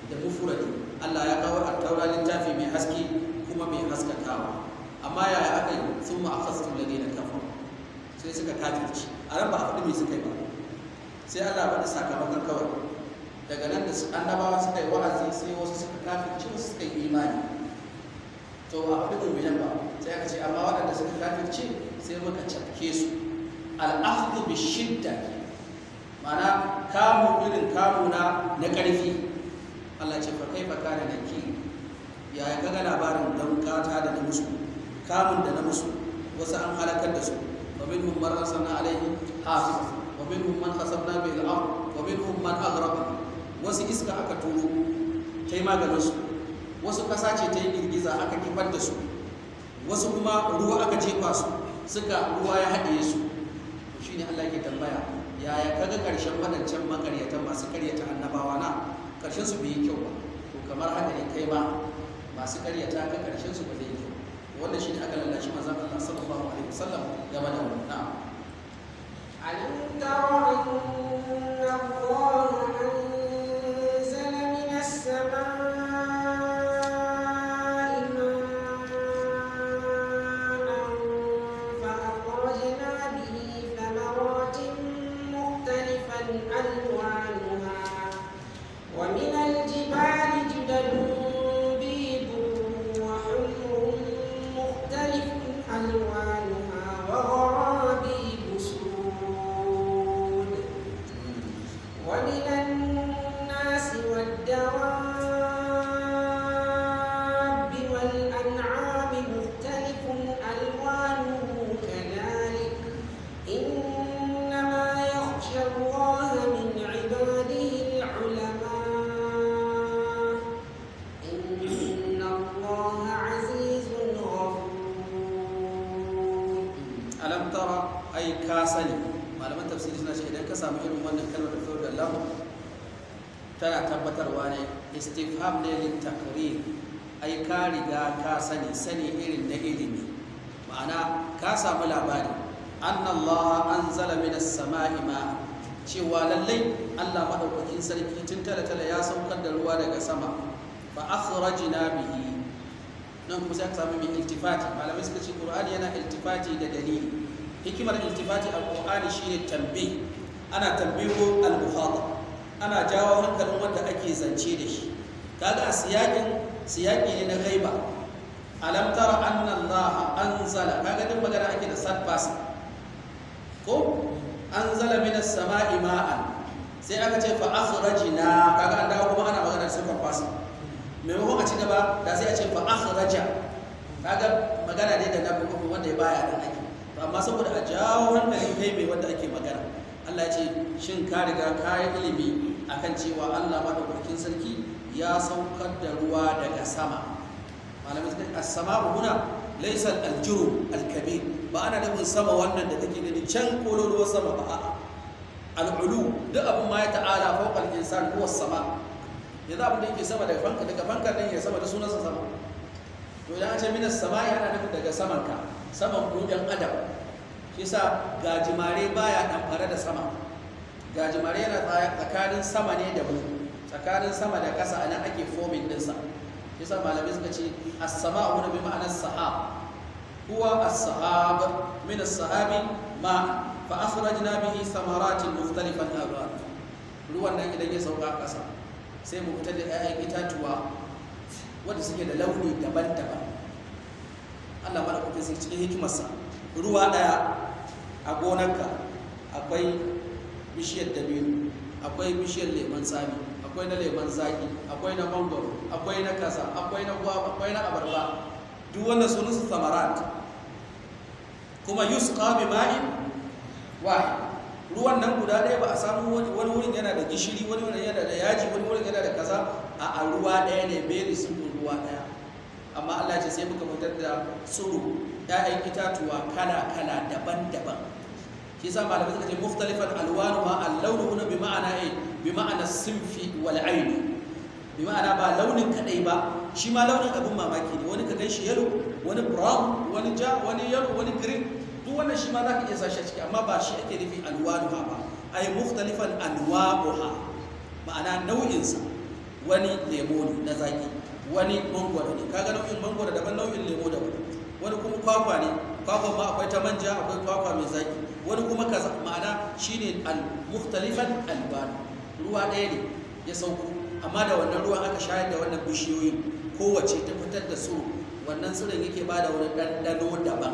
da mufuradi Allah ya kawo at littafi mai haske kuma mai haskakawa amma yaya aka yi sun ma'afastun da na kafa sai suka kafirci a ran ba a faɗi mai suka yi ba sai Allah faɗi sakamakon kawai daga nan da annabawa suka yi wa'azi sai wasu suka kafirci wasu suka yi imani to ba a faɗi mai ba sai aka ce amma waɗanda suka kafirci sai muka cafke su al'ahdu bi shidda ma'ana kamu irin kamu na na ƙarfi Allah ce fa kai fa kana da ki yaya kaga labarin dan kata da na musu kamun da na musu wasu an halakar da su wa hum man arsalna alaihi hafi wa hum man khasabna bil ard wa hum man aghraq wasu iska aka turo kai yi maganin su wasu kasa ce ta yi girgiza aka kifar da su wasu kuma ruwa aka jefa su suka ruwa ya haɗe su shine Allah ke tambaya yaya kaga ƙarshen waɗancan makaryatan masu karyata annabawa na ƙarshen su bai yi kyau ba to kamar haka ne kai ma masu karyata ka ƙarshen su ba zai yi kyau wanda shi ne aka lallashi manzon Allah sallallahu alaihi wasallam game da wannan na'am alim tara min Allah anzala min as-samaa malaman tafsiri suna ce idan ka samu irin wannan kalmar da lahu tana tabbatarwa ne istifham ne lin takrir ai ka riga ka sani sani irin na ilimi ma'ana ka samu labari annallaha anzala minas sama'i ma. cewa lallai Allah madaukakin sarki tun tala tala ya saukar da ruwa daga sama fa akhrajna bihi nan kuma sai ka samu min iltifati malamai suka ce qur'ani yana iltifati da dalili hikimar iltifati alqur'ani shine tambayi ana tambayo al-mukhata ana jawo hankalin wanda ake zance da shi kaga siyakin siyaki ne na ghaiba alam tara anna allah anzala kaga din magana ake da sad pass ko anzala minas sama'i ma'an sai aka ce fa akhrajna kaga an dawo kuma ana magana sifar pass maimakon a ci gaba da sai a ce fa akhraja kaga magana ne da nabi wanda ya baya da ake amma saboda a jawo hankalin kai mai wanda ake magana Allah ce shin ka riga ka yi ilimi akan cewa Allah madaukakin sarki ya saukar da ruwa daga sama Malamin suka as-sama'u huna laysa al-juru al-kabir ba ana nufin sama wannan da take gani can kololuwar sama ba a'a al-ulu duk abin ma ya ta'ala fawqa al-insan huwa as-sama yanzu abin da yake sama daga fanka daga fanka nan ya sama da sunansa sama to idan an ce minas sama'i ana nufin daga saman ka saman mu adam shi sa gajimare baya ɗamfare da sama gajimare yana tsakanin sama ne da mu tsakanin sama da ƙasa a nan ake fomin ɗinsa shi sa malamai suka ce a sama wani bi ma'anar sahab kuwa as-sahab min as-sahabi ma fa jina bihi thamaratin mukhtalifan alwan ruwan nan idan ya sauka ƙasa sai mu fitar da 'ya'yan itatuwa wanda suke da launi daban-daban Allah bada sai cikin hikimarsa ruwa ɗaya a gonarka akwai bishiyar dabino akwai bishiyar leman tsami akwai na leman zaki akwai na mangoro akwai na kasa akwai na guava akwai na abarba duk wannan sunan su samarat kuma yusqa bi ma'in wahid ruwan nan guda ɗaya ba a samu wani wurin yana da gishiri wani wurin yana da yaji wani wurin yana da kaza a ruwa ɗaya ne da simple ruwa ɗaya amma Allah ce sai muka fitar da tsuro ‘ya'yan itatuwa kala-kala daban-daban shi sa malamai suka ce muftalifan alwanu ma allaunu na bi ma'ana ai eh, bi ma'ana sinfi wal aini bi ma'ana ba launin kadai ba shi ma launin abin mamaki ne wani kadan shi yalo wani brown wani ja wani yalo wani green duk wannan shi ma za ka iya sashi a ciki amma ba shi ake nufi alwanu ha ba ai muftalifan ha ma'ana nau'insa wani lemo na zaki wani mangwaro ne kaga nau'in da daban nau'in lemo daban wani kuma kwakwa ne kwakwa ma akwai ta manja akwai kwakwa mai zaki wani kuma kaza ma'ana shine al-mukhtalifan alban ruwa ɗaya ne ya sauko amma da wannan ruwan aka shayar da wannan bishiyoyin kowace ta fitar da su wannan tsirin yake bada wani ɗanɗano daban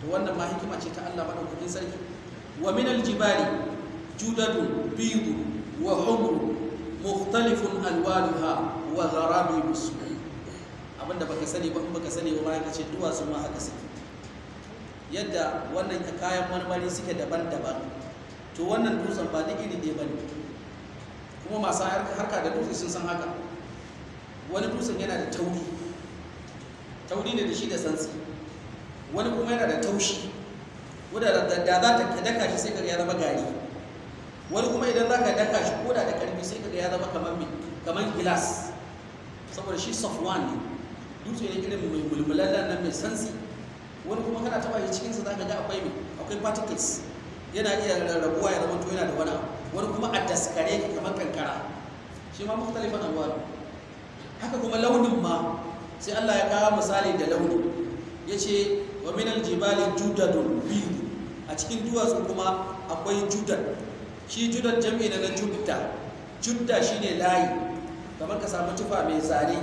to wannan ma hikima ce ta Allah madaukakin sarki wa min al-jibali judadun bidu wa humru mukhtalifun alwanuha wa gharabi musmi abinda baka sani ba baka sani ba ka ce duwatsu ma haka suke yadda wannan kayan marmari suke daban-daban to wannan dutsen ba duk iri ɗaya ne. kuma masu harka da dutse sun san haka wani dutsen yana da tauri tauri ne da shi da santsi wani kuma yana da taushi wadda da za ta daka shi sai ka ya zama gari wani kuma idan za ka danka shi koda da karfi sai kaga ya zama kamar mai kamar gilas saboda shi safwan ne dutse ne irin mai mulmulallen nan mai sansi wani kuma kana taba shi cikinsa za ka ga akwai mai akwai particles yana iya rarrabuwa ya zama to yana da wani wani kuma a daskare ka kamar kankara shi ma mukhtalifan alwan haka kuma launin ma sai Allah ya kawo misali da launi yace wa min jibali judadun bi a cikin duwatsu kuma akwai judad shi judan jami na judda judda shi ne layi kamar ka samu tufa mai zane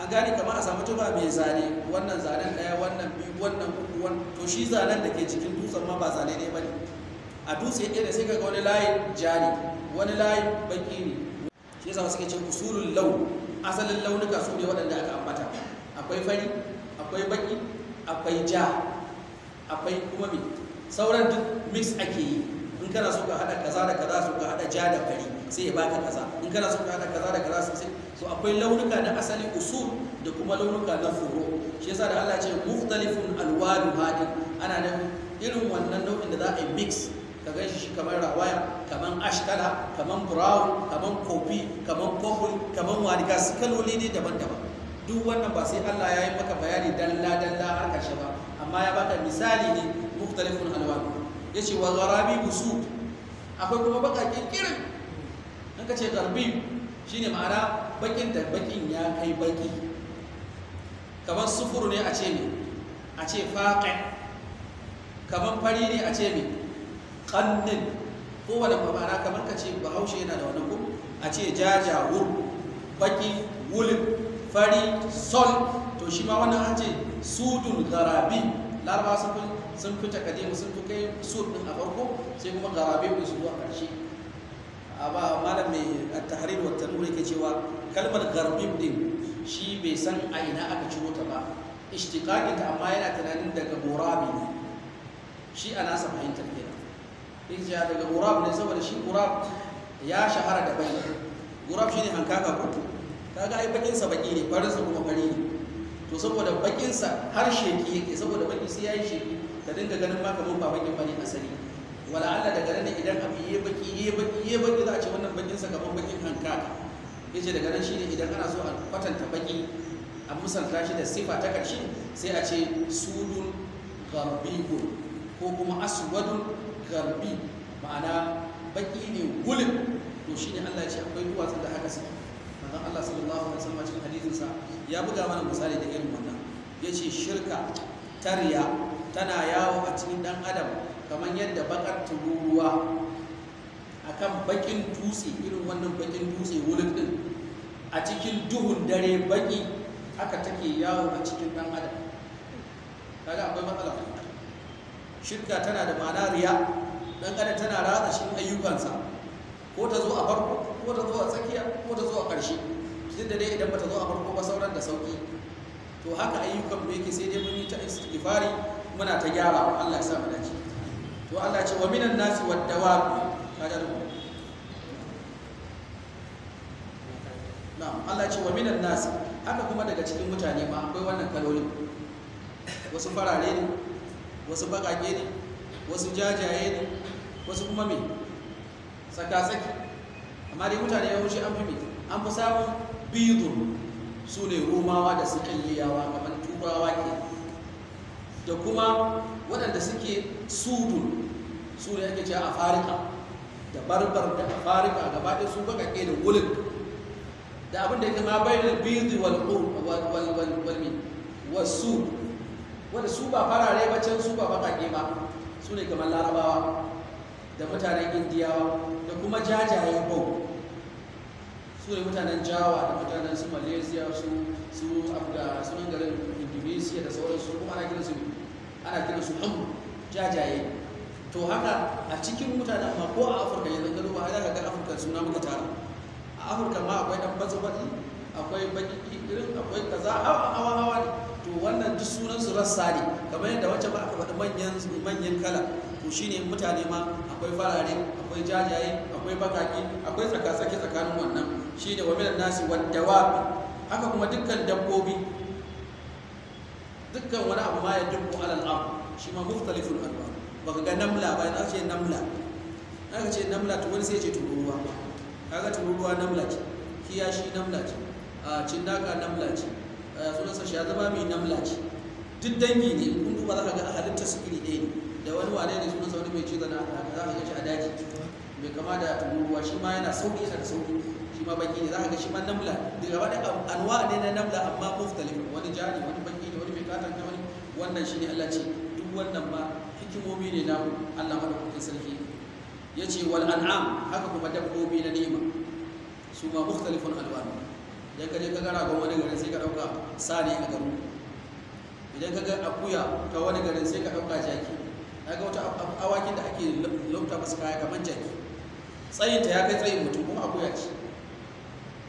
an gane kamar a samu tufa mai zane wannan zanen daya wannan biyu wannan uku to shi zanen da ke cikin dutsen ma ba zane ne ba ne a dutse ɗaya da sai ka ga wani layin jari wani layin baki ne shi yasa suke ce usulul law asalin launuka su ne waɗanda aka ambata akwai fari akwai baki akwai ja akwai kuma mai sauran duk mix ake yi kana so ka hada kaza da kaza so ka hada ja da fari sai ya baka kaza in kana so ka hada kaza da kaza sai so akwai launuka na asali usul da kuma launuka na furo shi yasa da Allah ce muftalifun alwanu hadin ana nan irin wannan nau'in da za a yi mix ka ga shi kamar rawaya kamar ashkala kamar brown kamar kofi kamar purple kamar warika su kaloli ne daban-daban duk wannan ba sai Allah ya yi maka bayani dalla-dalla har ƙarshe ba amma ya baka misali ne muftalifun alwanu ya ce wa garabi busu akwai kuma bakakin kirin in ka ce zarbi shi ne ma'ana bakin da bakin ya kai baki kamar sufuru ne a ce ne a ce faƙa kamar fari ne a ce ne ƙannin kowane ma'ana kamar ka ce bahaushe yana da wani kuma a ce wur baki wulin fari sol to shi ma wannan an ce sudun zarabi larabawa sun sun fi takadimu sun fi kai sur din a farko sai kuma garabe ku su zuwa karshe ba malam mai at-tahrir wa tanwir yake cewa kalmar garbib din shi bai san a ina aka ciro ta ba ishtiqaqin ta amma yana tunanin daga gurabi ne shi ana sa fahimtar kenan yake cewa daga gurab ne saboda shi gurab ya shahara da bai gurab shine hankaka ko kaga ai bakin sa baki ne farin sa kuma fari ne to saboda bakin sa har sheki yake saboda baki sai yayi shi. ka dinga ganin ma kamar ba bakin bane asali wala Allah daga nan idan abu yayi baki yayi baki yayi baki za a ce wannan bakin sa kamar bakin hanka yace daga nan shine idan ana so a kwatanta baki a misalta shi da sifa ta karshe sai a ce sudun garbiyun ko kuma aswadun garbi ma'ana baki ne gulin to shine Allah ya ce akwai duwatsun da haka suke manzon Allah sallallahu alaihi wasallam cikin hadisin sa ya buga mana misali da irin wannan yace shirka tarya tana yawo a cikin ɗan adam kamar yadda bakar tururuwa kan bakin dutse irin wannan bakin dutse wurin din a cikin duhun dare baki haka take yawo a cikin ɗan adam kaga akwai matsala shirka tana da ma'ana riya dan adam tana ratsa shi ayyukansa ko ta zo a farko ko ta zo a tsakiya ko ta zo a ƙarshe duk da dai idan ba ta zo a farko ba sauran da sauki to haka ayyukan mu yake sai dai mun yi ta istighfari muna ta gyara wa Allah ya sa mu dace to Allah ya ce wa minan nasi wad dawab kaga da na'am Allah ya ce wa minan nasi haka kuma daga cikin mutane ma akwai wannan kalolin wasu farare ne wasu bakake ne wasu jajaye ne wasu kuma me tsaka-tsaki amma dai mutane ya wuce an fi me an fi samun bidu su ne romawa da su kalliyawa kamar turawa ke da kuma waɗanda suke sudun su ne ake a afirka da barbar da afirka gaba da su baƙaƙe da wulin da abin da ya kama bayan bizu wal wasu wanda su ba farare ba can su ba baƙaƙe ba su ne kamar larabawa da mutanen indiyawa da kuma jajayen bau su ne mutanen jawa da mutanen su malaysia su su da su garin indonesia da sauransu kuma ana kiransu ana kiran su umru jajaye to haka a cikin mutane amma ko a afirka yanzu galo ba za ka ga afirka suna muka tara a afirka ma akwai dan bazu bazi akwai baki irin akwai kaza hawa hawa ne to wannan duk sunan su rassa ne kamar yadda wacce ba aka faɗi manyan manyan kala to shine mutane ma akwai farare akwai jajaye akwai bakaki akwai tsaka-tsake tsakanin wannan shine wa minan nasi wad haka kuma dukkan dabbobi dukkan wani abu ma ya dubbu alal am shi ma muftaliful alba ka ga namla ba na ce namla aka ce namla to wani sai ce tururuwa kaga tururuwa namla ce kiyashi namla ce a cindaka namla ce sunansa shi ya zama mai namla ce duk dangi ne kun duba za ka ga halittar su iri ɗaya ne da wani wane ne sunansa wani mai cizo na za ka ga shi a daji mai kama da tururuwa shi ma yana sauki yana da sauki shi ma baki ne za ka ga shi ma namla da gaba da anwa ne na namla amma muftalif wani jari wani bukata ta wani wannan shi ne Allah ce duk wannan ba hikimomi ne na Allah madaukakin sarki ya ce wal an'am haka kuma dabbobi na nema. su ma mukhtalifun alwan idan ka je ka gara ga wani garin sai ka dauka sani a garin idan ka ga akuya ta wani garin sai ka dauka jaki kaga wata awakin da ake lauta masu kaya kamar jaki tsayinta ya kai tsayin mutum kuma akuya ce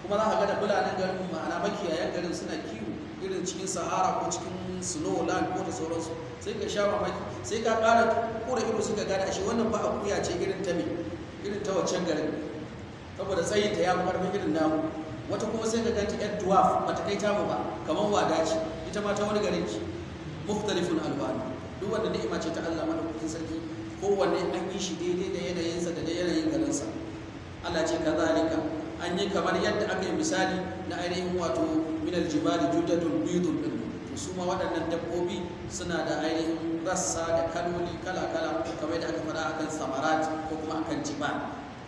kuma za ka ga da bulanen garin ma'ana makiyayan garin suna kiwo irin cikin sahara ko cikin land ko da sauransu sai ka sha mamaki sai ka ƙara kura ido suka gane shi wannan ba akuya ce irin ta me irin ta waccan garin saboda tsayin ta ya karfi irin namu wata kuma sai ka ganta yan duwaf bata kai tamu ba kamar wada ce ita ma ta wani garin ki muftalifun alwani duk wanda ima ce ta Allah madaukakin sarki kowanne an yi shi daidai da yanayinsa da yanayin garinsa Allah ce kazalika an yi kamar yadda aka yi misali na ainihin wato min jibali judatun bidun din su ma waɗannan dabbobi suna da ainihin rassa da kaloli kala kala kamar da aka fara akan samarat ko kuma akan jibal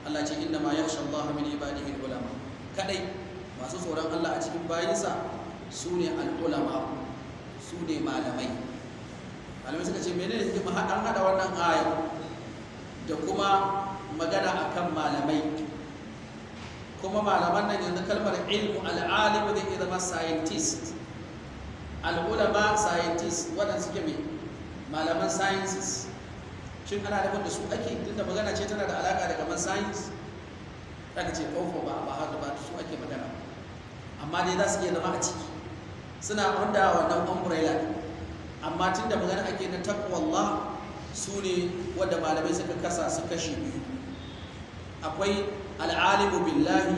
Allah ce inna ma yakhsha Allah min ibadihi ulama kadai masu tsoron Allah a cikin bayinsa su ne al'ulama su ne malamai malamai suka ce menene hikima an hada wannan aya da kuma magana akan malamai kuma malaman nan yanzu kalmar ilmu al'alimu zai iya zama scientist al'ulama scientist waɗanda suke mai malaman sciences shin ana nufin da su ake tunda magana ce tana da alaƙa da kamar science zaka ce ƙofo oh, ba ba haka ba su ake magana amma dai za su iya zama a ciki suna wanda wannan umbrella amma tunda magana ake na taqwallah su ne wanda malamai suka kasa su kashe biyu akwai al'alimu billahi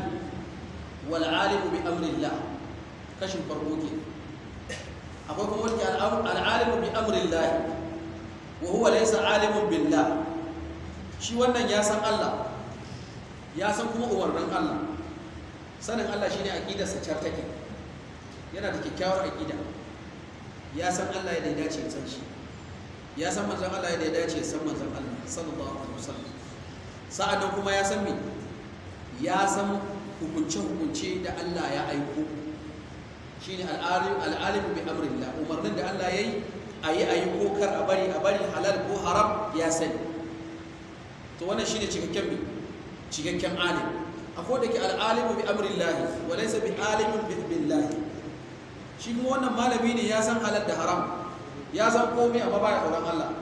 wal alimu bi amrillah kashin farko akwai kuma wani al'alimu bi amrillah wa huwa laysa alimun billah shi wannan ya san Allah ya san kuma umarnin Allah sanin Allah shine aqidarsa char take yana da kyakkyawar aqida ya san Allah ya dace ya san shi ya san manzon Allah ya ya san Allah kuma ya san me ya san hukunce-hukunce da Allah ya aiko shi ne al'alibu bi amrillah umarnin da Allah ya yi a yi ayi kar a bari a bari halal ko haram ya sani to wannan shi ne cikakken cikakken alim a da ke al'alimu bi amrillahi wa laisa bi alimin bi billahi shi kuma wannan malami ne ya san halal da haram ya san komai a baya tsoron Allah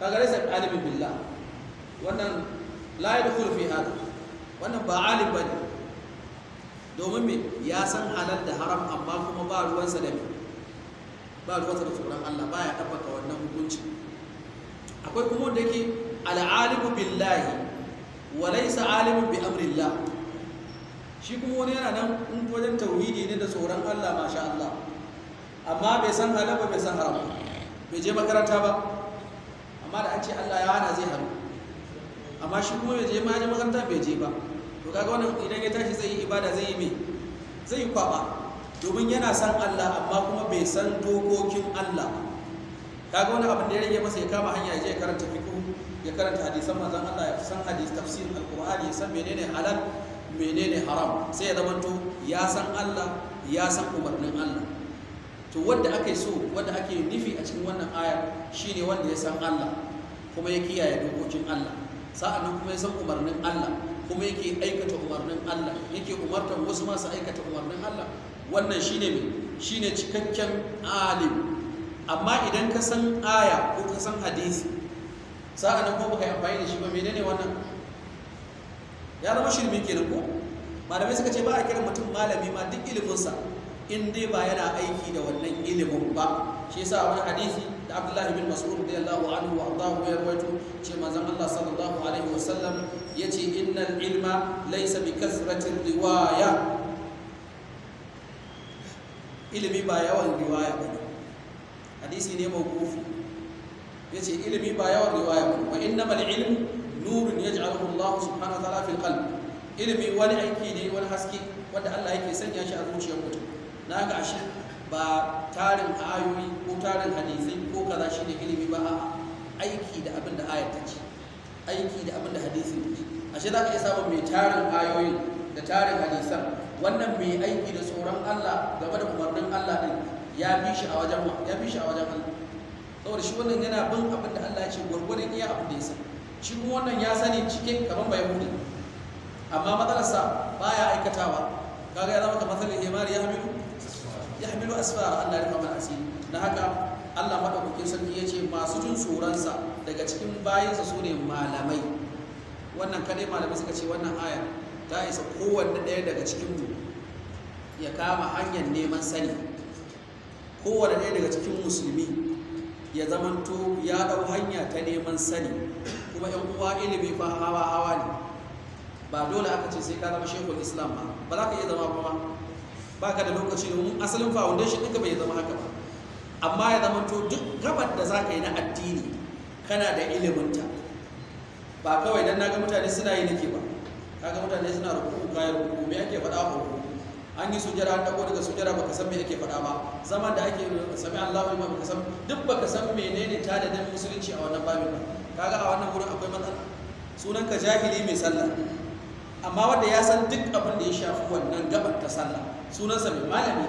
kaga laisa bi alimin billah wannan la da fi hada wannan ba alim ba ne domin me ya san halal da haram amma kuma ba ruwansa da me ba ruwansa da tsoron Allah ba ya ɗabbaka wannan hukunci akwai kuma wanda yake al'alimu billahi wa laysa alimun bi amrillah shi kuma wani yana nan in wajen tauhidi ne da tsoron Allah masha Allah amma bai san halal ba bai san haram bai je makaranta ba amma da an ce Allah ya hana zai haru amma shi kuma bai je ma ya makaranta bai je ba to kaga wannan idan ya tashi zai yi ibada zai yi me zai yi kwaba domin yana san Allah amma kuma bai san dokokin Allah kaga wani abin da ya rage masa ya kama hanya ya je karanta fiqh ya karanta hadisan manzon Allah ya san hadis tafsir alqur'ani ya san menene halal menene haram sai ya zamanto ya san Allah ya san umarnin Allah to wanda ake so wanda ake nufi a cikin wannan ayar shine wanda ya san Allah kuma ya kiyaye dokokin Allah sa'annan kuma ya san umarnin Allah kuma yake aikata umarnin Allah yake umartar wasu masu aikata umarnin Allah wannan shine shi shine cikakken alim amma idan ka san aya ko ka san hadisi sa'a nan ko baka yi amfani da shi ba menene wannan ya zama shirme kenan ko malamai suka ce ba a kiran mutum malami ma duk ilimin sa in dai ba yana aiki da wannan ilimin ba shi yasa wani hadisi da abdullahi bin mas'ud radiyallahu anhu wa adahu ya rawaito ce manzon Allah sallallahu alaihi wasallam yace ilma bi riwaya ilimi ba yawan riwaya hadisi ne ilimi ba yawan riwaya bane wa innamal ilmu nurun yaj'aluhu Allah subhanahu wa ta'ala fil qalb ilimi wani aiki ne wani haske wanda Allah yake sanya shi a zuciyar mutum naga ashe ba tarin ayoyi ko tarin hadisai ko kaza shi ne ilimi ba aiki da abin da ayar ta ce aiki da abin da hadisi ta ce ashe za ka iya samun mai tarin ayoyi da tarin hadisan wannan mai aiki da tsoron Allah game da umarnin Allah din ya bi shi a wajen ya bi shi a wajen Allah saboda shi wannan yana bin abin da Allah ya ce gurgurin iya abin da ya sani shi kuma wannan ya sani cikin kaman bai hudu amma matsalarsa baya aikatawa kaga ya zama kamar sallar himari asfara Allah ya rufa asiri da haka Allah madaukakin sarki ya ce masu jin tsoronsa daga cikin bayansa su ne malamai wannan kadai malamai suka ce wannan aya ta isa kowanne ɗaya daga cikin mu ya kama hanyar neman sani kowanne ɗaya daga cikin musulmi ya zamanto ya ɗau hanya ta neman sani kuma yan uwa ilimi fa hawa hawa ne ba dole aka ce sai ka zama shekul islam ba ba za ka iya zama kuma ba ka da lokaci domin asalin foundation ɗinka bai zama haka ba amma ya zama to duk gabar da za ka yi na addini kana da iliminta ba kawai don naga mutane suna yi nake ba kaga mutane suna rukuku kayan rukuku me ake faɗa a rukuku an yi sujjara an dago daga sujjara baka san me ake faɗa ba zaman da ake sami Allahu ba baka san duk baka san menene tadadin musulunci a wannan babin ba kaga a wannan wurin akwai matsala sunan ka jahili mai sallah amma wanda ya san duk abin da ya shafi wannan gabar ta sallah sunansa mai malami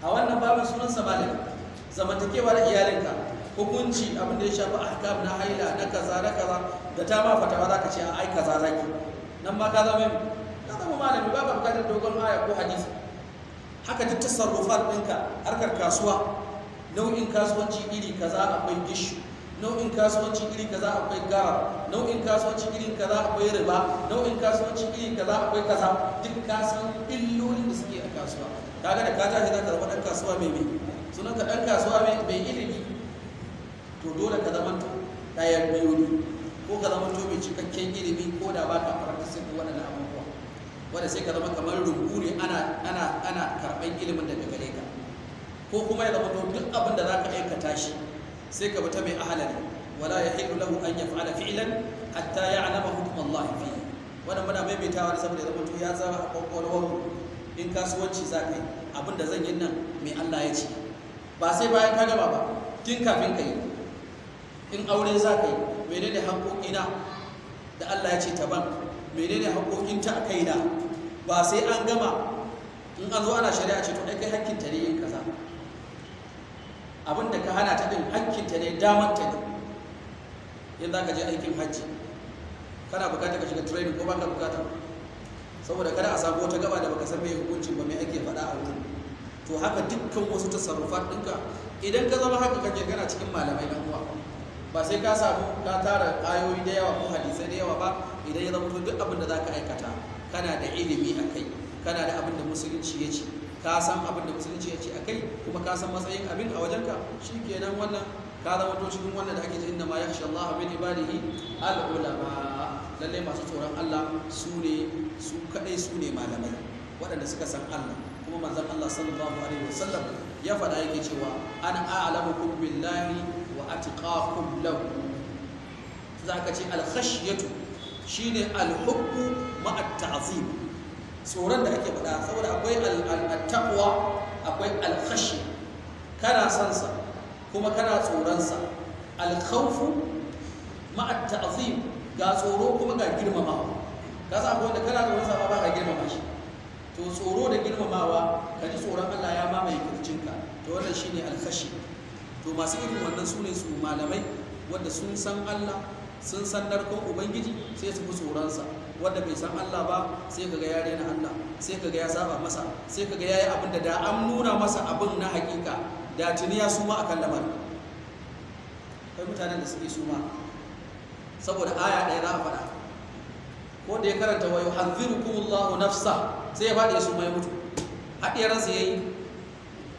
a wannan babin sunansa malami zamantakewa da iyalinka hukunci abin da ya shafi ahkam na haila na kaza na kaza da ta ma fata ba za ka ce a ai kaza zaki nan ma ka zama ka zama malami ba ka bukatar dogon aya ko hadisi haka duk tasarrufat ɗinka harkar kasuwa nau'in kasuwanci iri kaza akwai gishu nau'in kasuwanci iri kaza akwai gara nau'in kasuwanci iri kaza akwai riba nau'in kasuwanci iri kaza akwai kaza duk ka san illolin da suke a kasuwa kaga da ka ta za ka zama dan kasuwa mai mai sunan ka dan kasuwa mai mai ilimi to dole ka zama to ɗayan biyu ko ka zama to mai cikakken ilimi ko da ba ka practice ko wannan abubuwa wanda sai ka zama kamar rubu ne ana ana ana karɓan ilimin daga gare ka ko kuma ya zama to duk abin da za ka aikata shi sai ka bata mai ahalari wala ya hillu lahu an yaf'ala fi'lan hatta ya'lama hukm Allah fi wannan muna maimaitawa da saboda zama ya zama a kwakwalwar in kasuwanci za ka yi abinda zan yi nan mai Allah ya ce ba sai bayan ka gama ba tun kafin ka yi in aure za ka yi menene haƙoƙina da Allah ya ce ta ban menene haƙoƙinta a kaina ba sai an gama in an zo ana shari'a ce to ai kai hakkin ta ne yin kaza abin da ka hana ta ɗin hakkinta ne damanta ne yin za ka je aikin hajji kana bukata ka shiga training ko ba ka bukata saboda kada a samu ta gaba da baka san mai hukuncin ba mai ake faɗa a wurin to haka dukkan wasu tasarrufa ɗinka idan ka zama haka kake gana cikin malamai na uwa ba sai ka samu ka tara ayoyi da yawa ko hadisai da yawa ba idan ya zama duk abin da za ka aikata kana da ilimi a kai kana da abin da musulunci ya ce ka san abin da musulunci ya ce a kai kuma ka san matsayin abin a wajenka shi kenan wannan ka zama to cikin wannan da ake ce inda ma ya Allah min ibadihi al-ulama masu tsoron Allah su ne su kaɗai su ne malamai waɗanda suka san Allah kuma manzan Allah sallallahu alaihi wasallam ya faɗa yake cewa an a'lamukum billahi wa atqakum lahu ka ce al-khashyatu shine al-hubbu ma'a ta'zim tsoron da ake faɗa saboda akwai al akwai al'kashi kana son kuma kana tsoronsa sa al-khawfu ma'a ta'zim ga tsoro kuma ga girmamawa ka san akwai wanda kana tsoron sa ba ka girmama shi to tsoro da girmamawa ka ji tsoron Allah ya mamaye kirjinka to wannan shine al-khashi to masu irin wannan su ne su malamai wanda sun san Allah sun san narkon ubangiji sai su fi tsoronsa wanda bai san Allah ba sai kaga ya rena Allah sai kaga ya saba masa sai kaga yayi abin da da an nuna masa abin na hakika da tuniya su suma akan lamar. kai mutanen da suke suma saboda aya ɗaya za a faɗa ko da ya karanta wa yuhadhdhirukumullahu nafsa sai ya faɗi ya suma ya mutu haɗiyar ransa yayi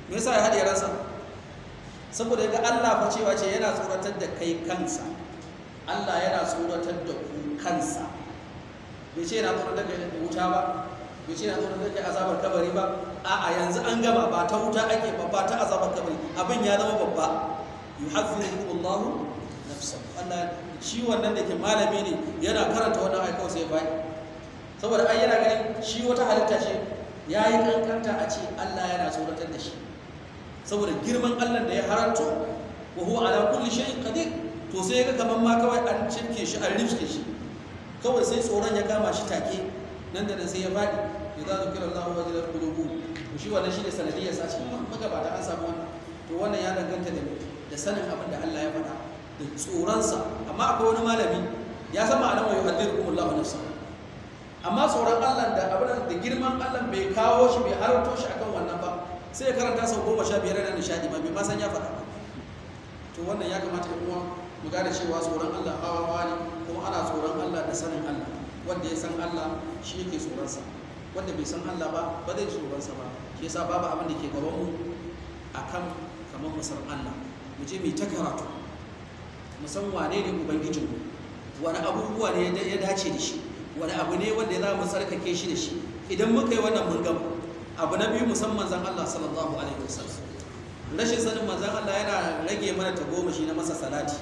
me yasa ya haɗiyar saboda yadda Allah fa cewa ce yana tsoratar da kai kansa Allah yana tsoratar da ku kansa bai ce yana tsoron daga wuta ba bai ce yana tsoron daga azabar kabari ba a'a yanzu an gama ba ta wuta ake babba ta azabar kabari abin ya zama babba yuhazziru Allah nafsa Allah shi wannan da ke malami ne yana karanta wannan ai kawai sai ya faɗi saboda ai yana ganin shi wata halitta ce ya yi kankanta a ce Allah yana tsoratar da shi saboda girman Allah da ya haranto wa huwa ala kulli shay'in qadir to sai ga kaman ma kawai an cike shi an rifke shi kawai sai tsoron ya kama shi take nan da sai ya faɗi ya za su kira Allah wajen da kulubu shi wannan shi da sanadiyar sa cikin magabata an samu wannan to wannan ya danganta da da sanin abin da Allah ya faɗa da tsoronsa amma akwai wani malami ya san ma'anar wa kuma Allahu nafsa amma tsoron Allah da abin da girman Allah bai kawo shi bai halarto shi akan wannan ba sai ya karanta sau goma sha biyar da nishadi ba bai ma san ya faɗa ba to wannan ya kamata ya kuma mu gane cewa tsoron Allah hawa hawa ne kuma ana tsoron Allah da sanin Allah wanda ya san Allah shi yake tsoronsa wanda bai san Allah ba ba zai tsoronsa ba shi yasa babu abin da ke gaban mu akan kamar mu Allah mu je mu ta karatu mu san wane ne ubangijin mu wani abubuwa ne ya dace da shi wani abu ne wanda ya za mu sarkake shi da shi idan muka yi wannan mun gama abu na biyu musamman zan Allah sallallahu alaihi wasallam rashin sanin manzon Allah yana rage mana tagomashi na masa salati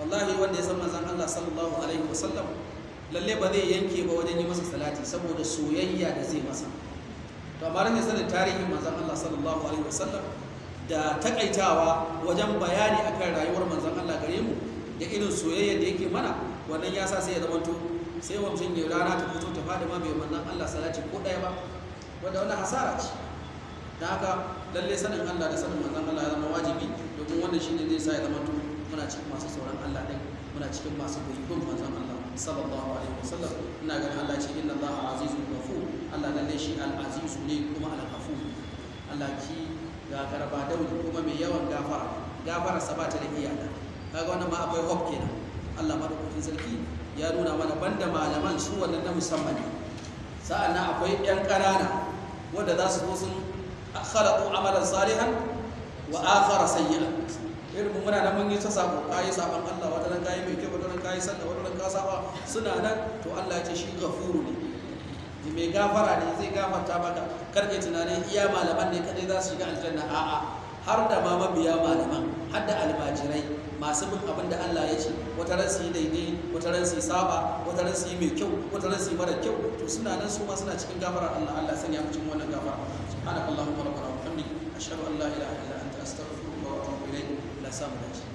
wallahi wanda ya san manzon Allah sallallahu alaihi wasallam lalle ba zai yanke ba wajen yi masa salati saboda soyayya da zai masa to amma rashin sanin tarihin manzon Allah sallallahu alaihi wasallam da takaitawa wajen bayani akan rayuwar manzon Allah gare mu da irin soyayya da yake mana wannan ya sa sai ya to sai wancan ya rana ta fito ta fadi ma bai manzon Allah salati ko ɗaya ba wanda wannan hasara ce da haka lalle sanin Allah da sanin manzon Allah ya zama wajibi domin wannan shine zai sa ya zama to muna cikin masu sauran Allah din muna cikin masu bin manzon Allah sallallahu alaihi wasallam ina ganin Allah ce inna Allah azizun ghafur Allah lalle shi al-aziz ne kuma al-ghafur Allah ki ga garba daudi kuma mai yawan gafara gafara sa ba ta da iyaka kaga wannan ma akwai hope kenan Allah madaukakin sarki ya nuna mana banda malaman su wannan na musamman ne sa'annan akwai yan ƙanana wanda za su zo sun khalaqu amalan salihan wa akhara sayyi'an irin mun muna mun yi ta sabo kayi sabon Allah wata nan kayi mai kyau wata nan kayi sallah wata nan ka saba suna nan to Allah ya ce shi gafuru ne mai gafara ne zai gafarta maka karke tunanin iya malaman ne kadai za su shiga aljanna a'a har da ma mabiya malaman har da almajirai masu bin abin da Allah ya ce wata ran su yi daidai wata ran su yi saba wata ran su yi mai kyau wata ran su yi mara kyau to suna nan su ma suna cikin gafarar Allah Allah sanya mu cikin wannan gafara subhanallahi wa bihamdihi ashhadu an la ilaha illa some of this.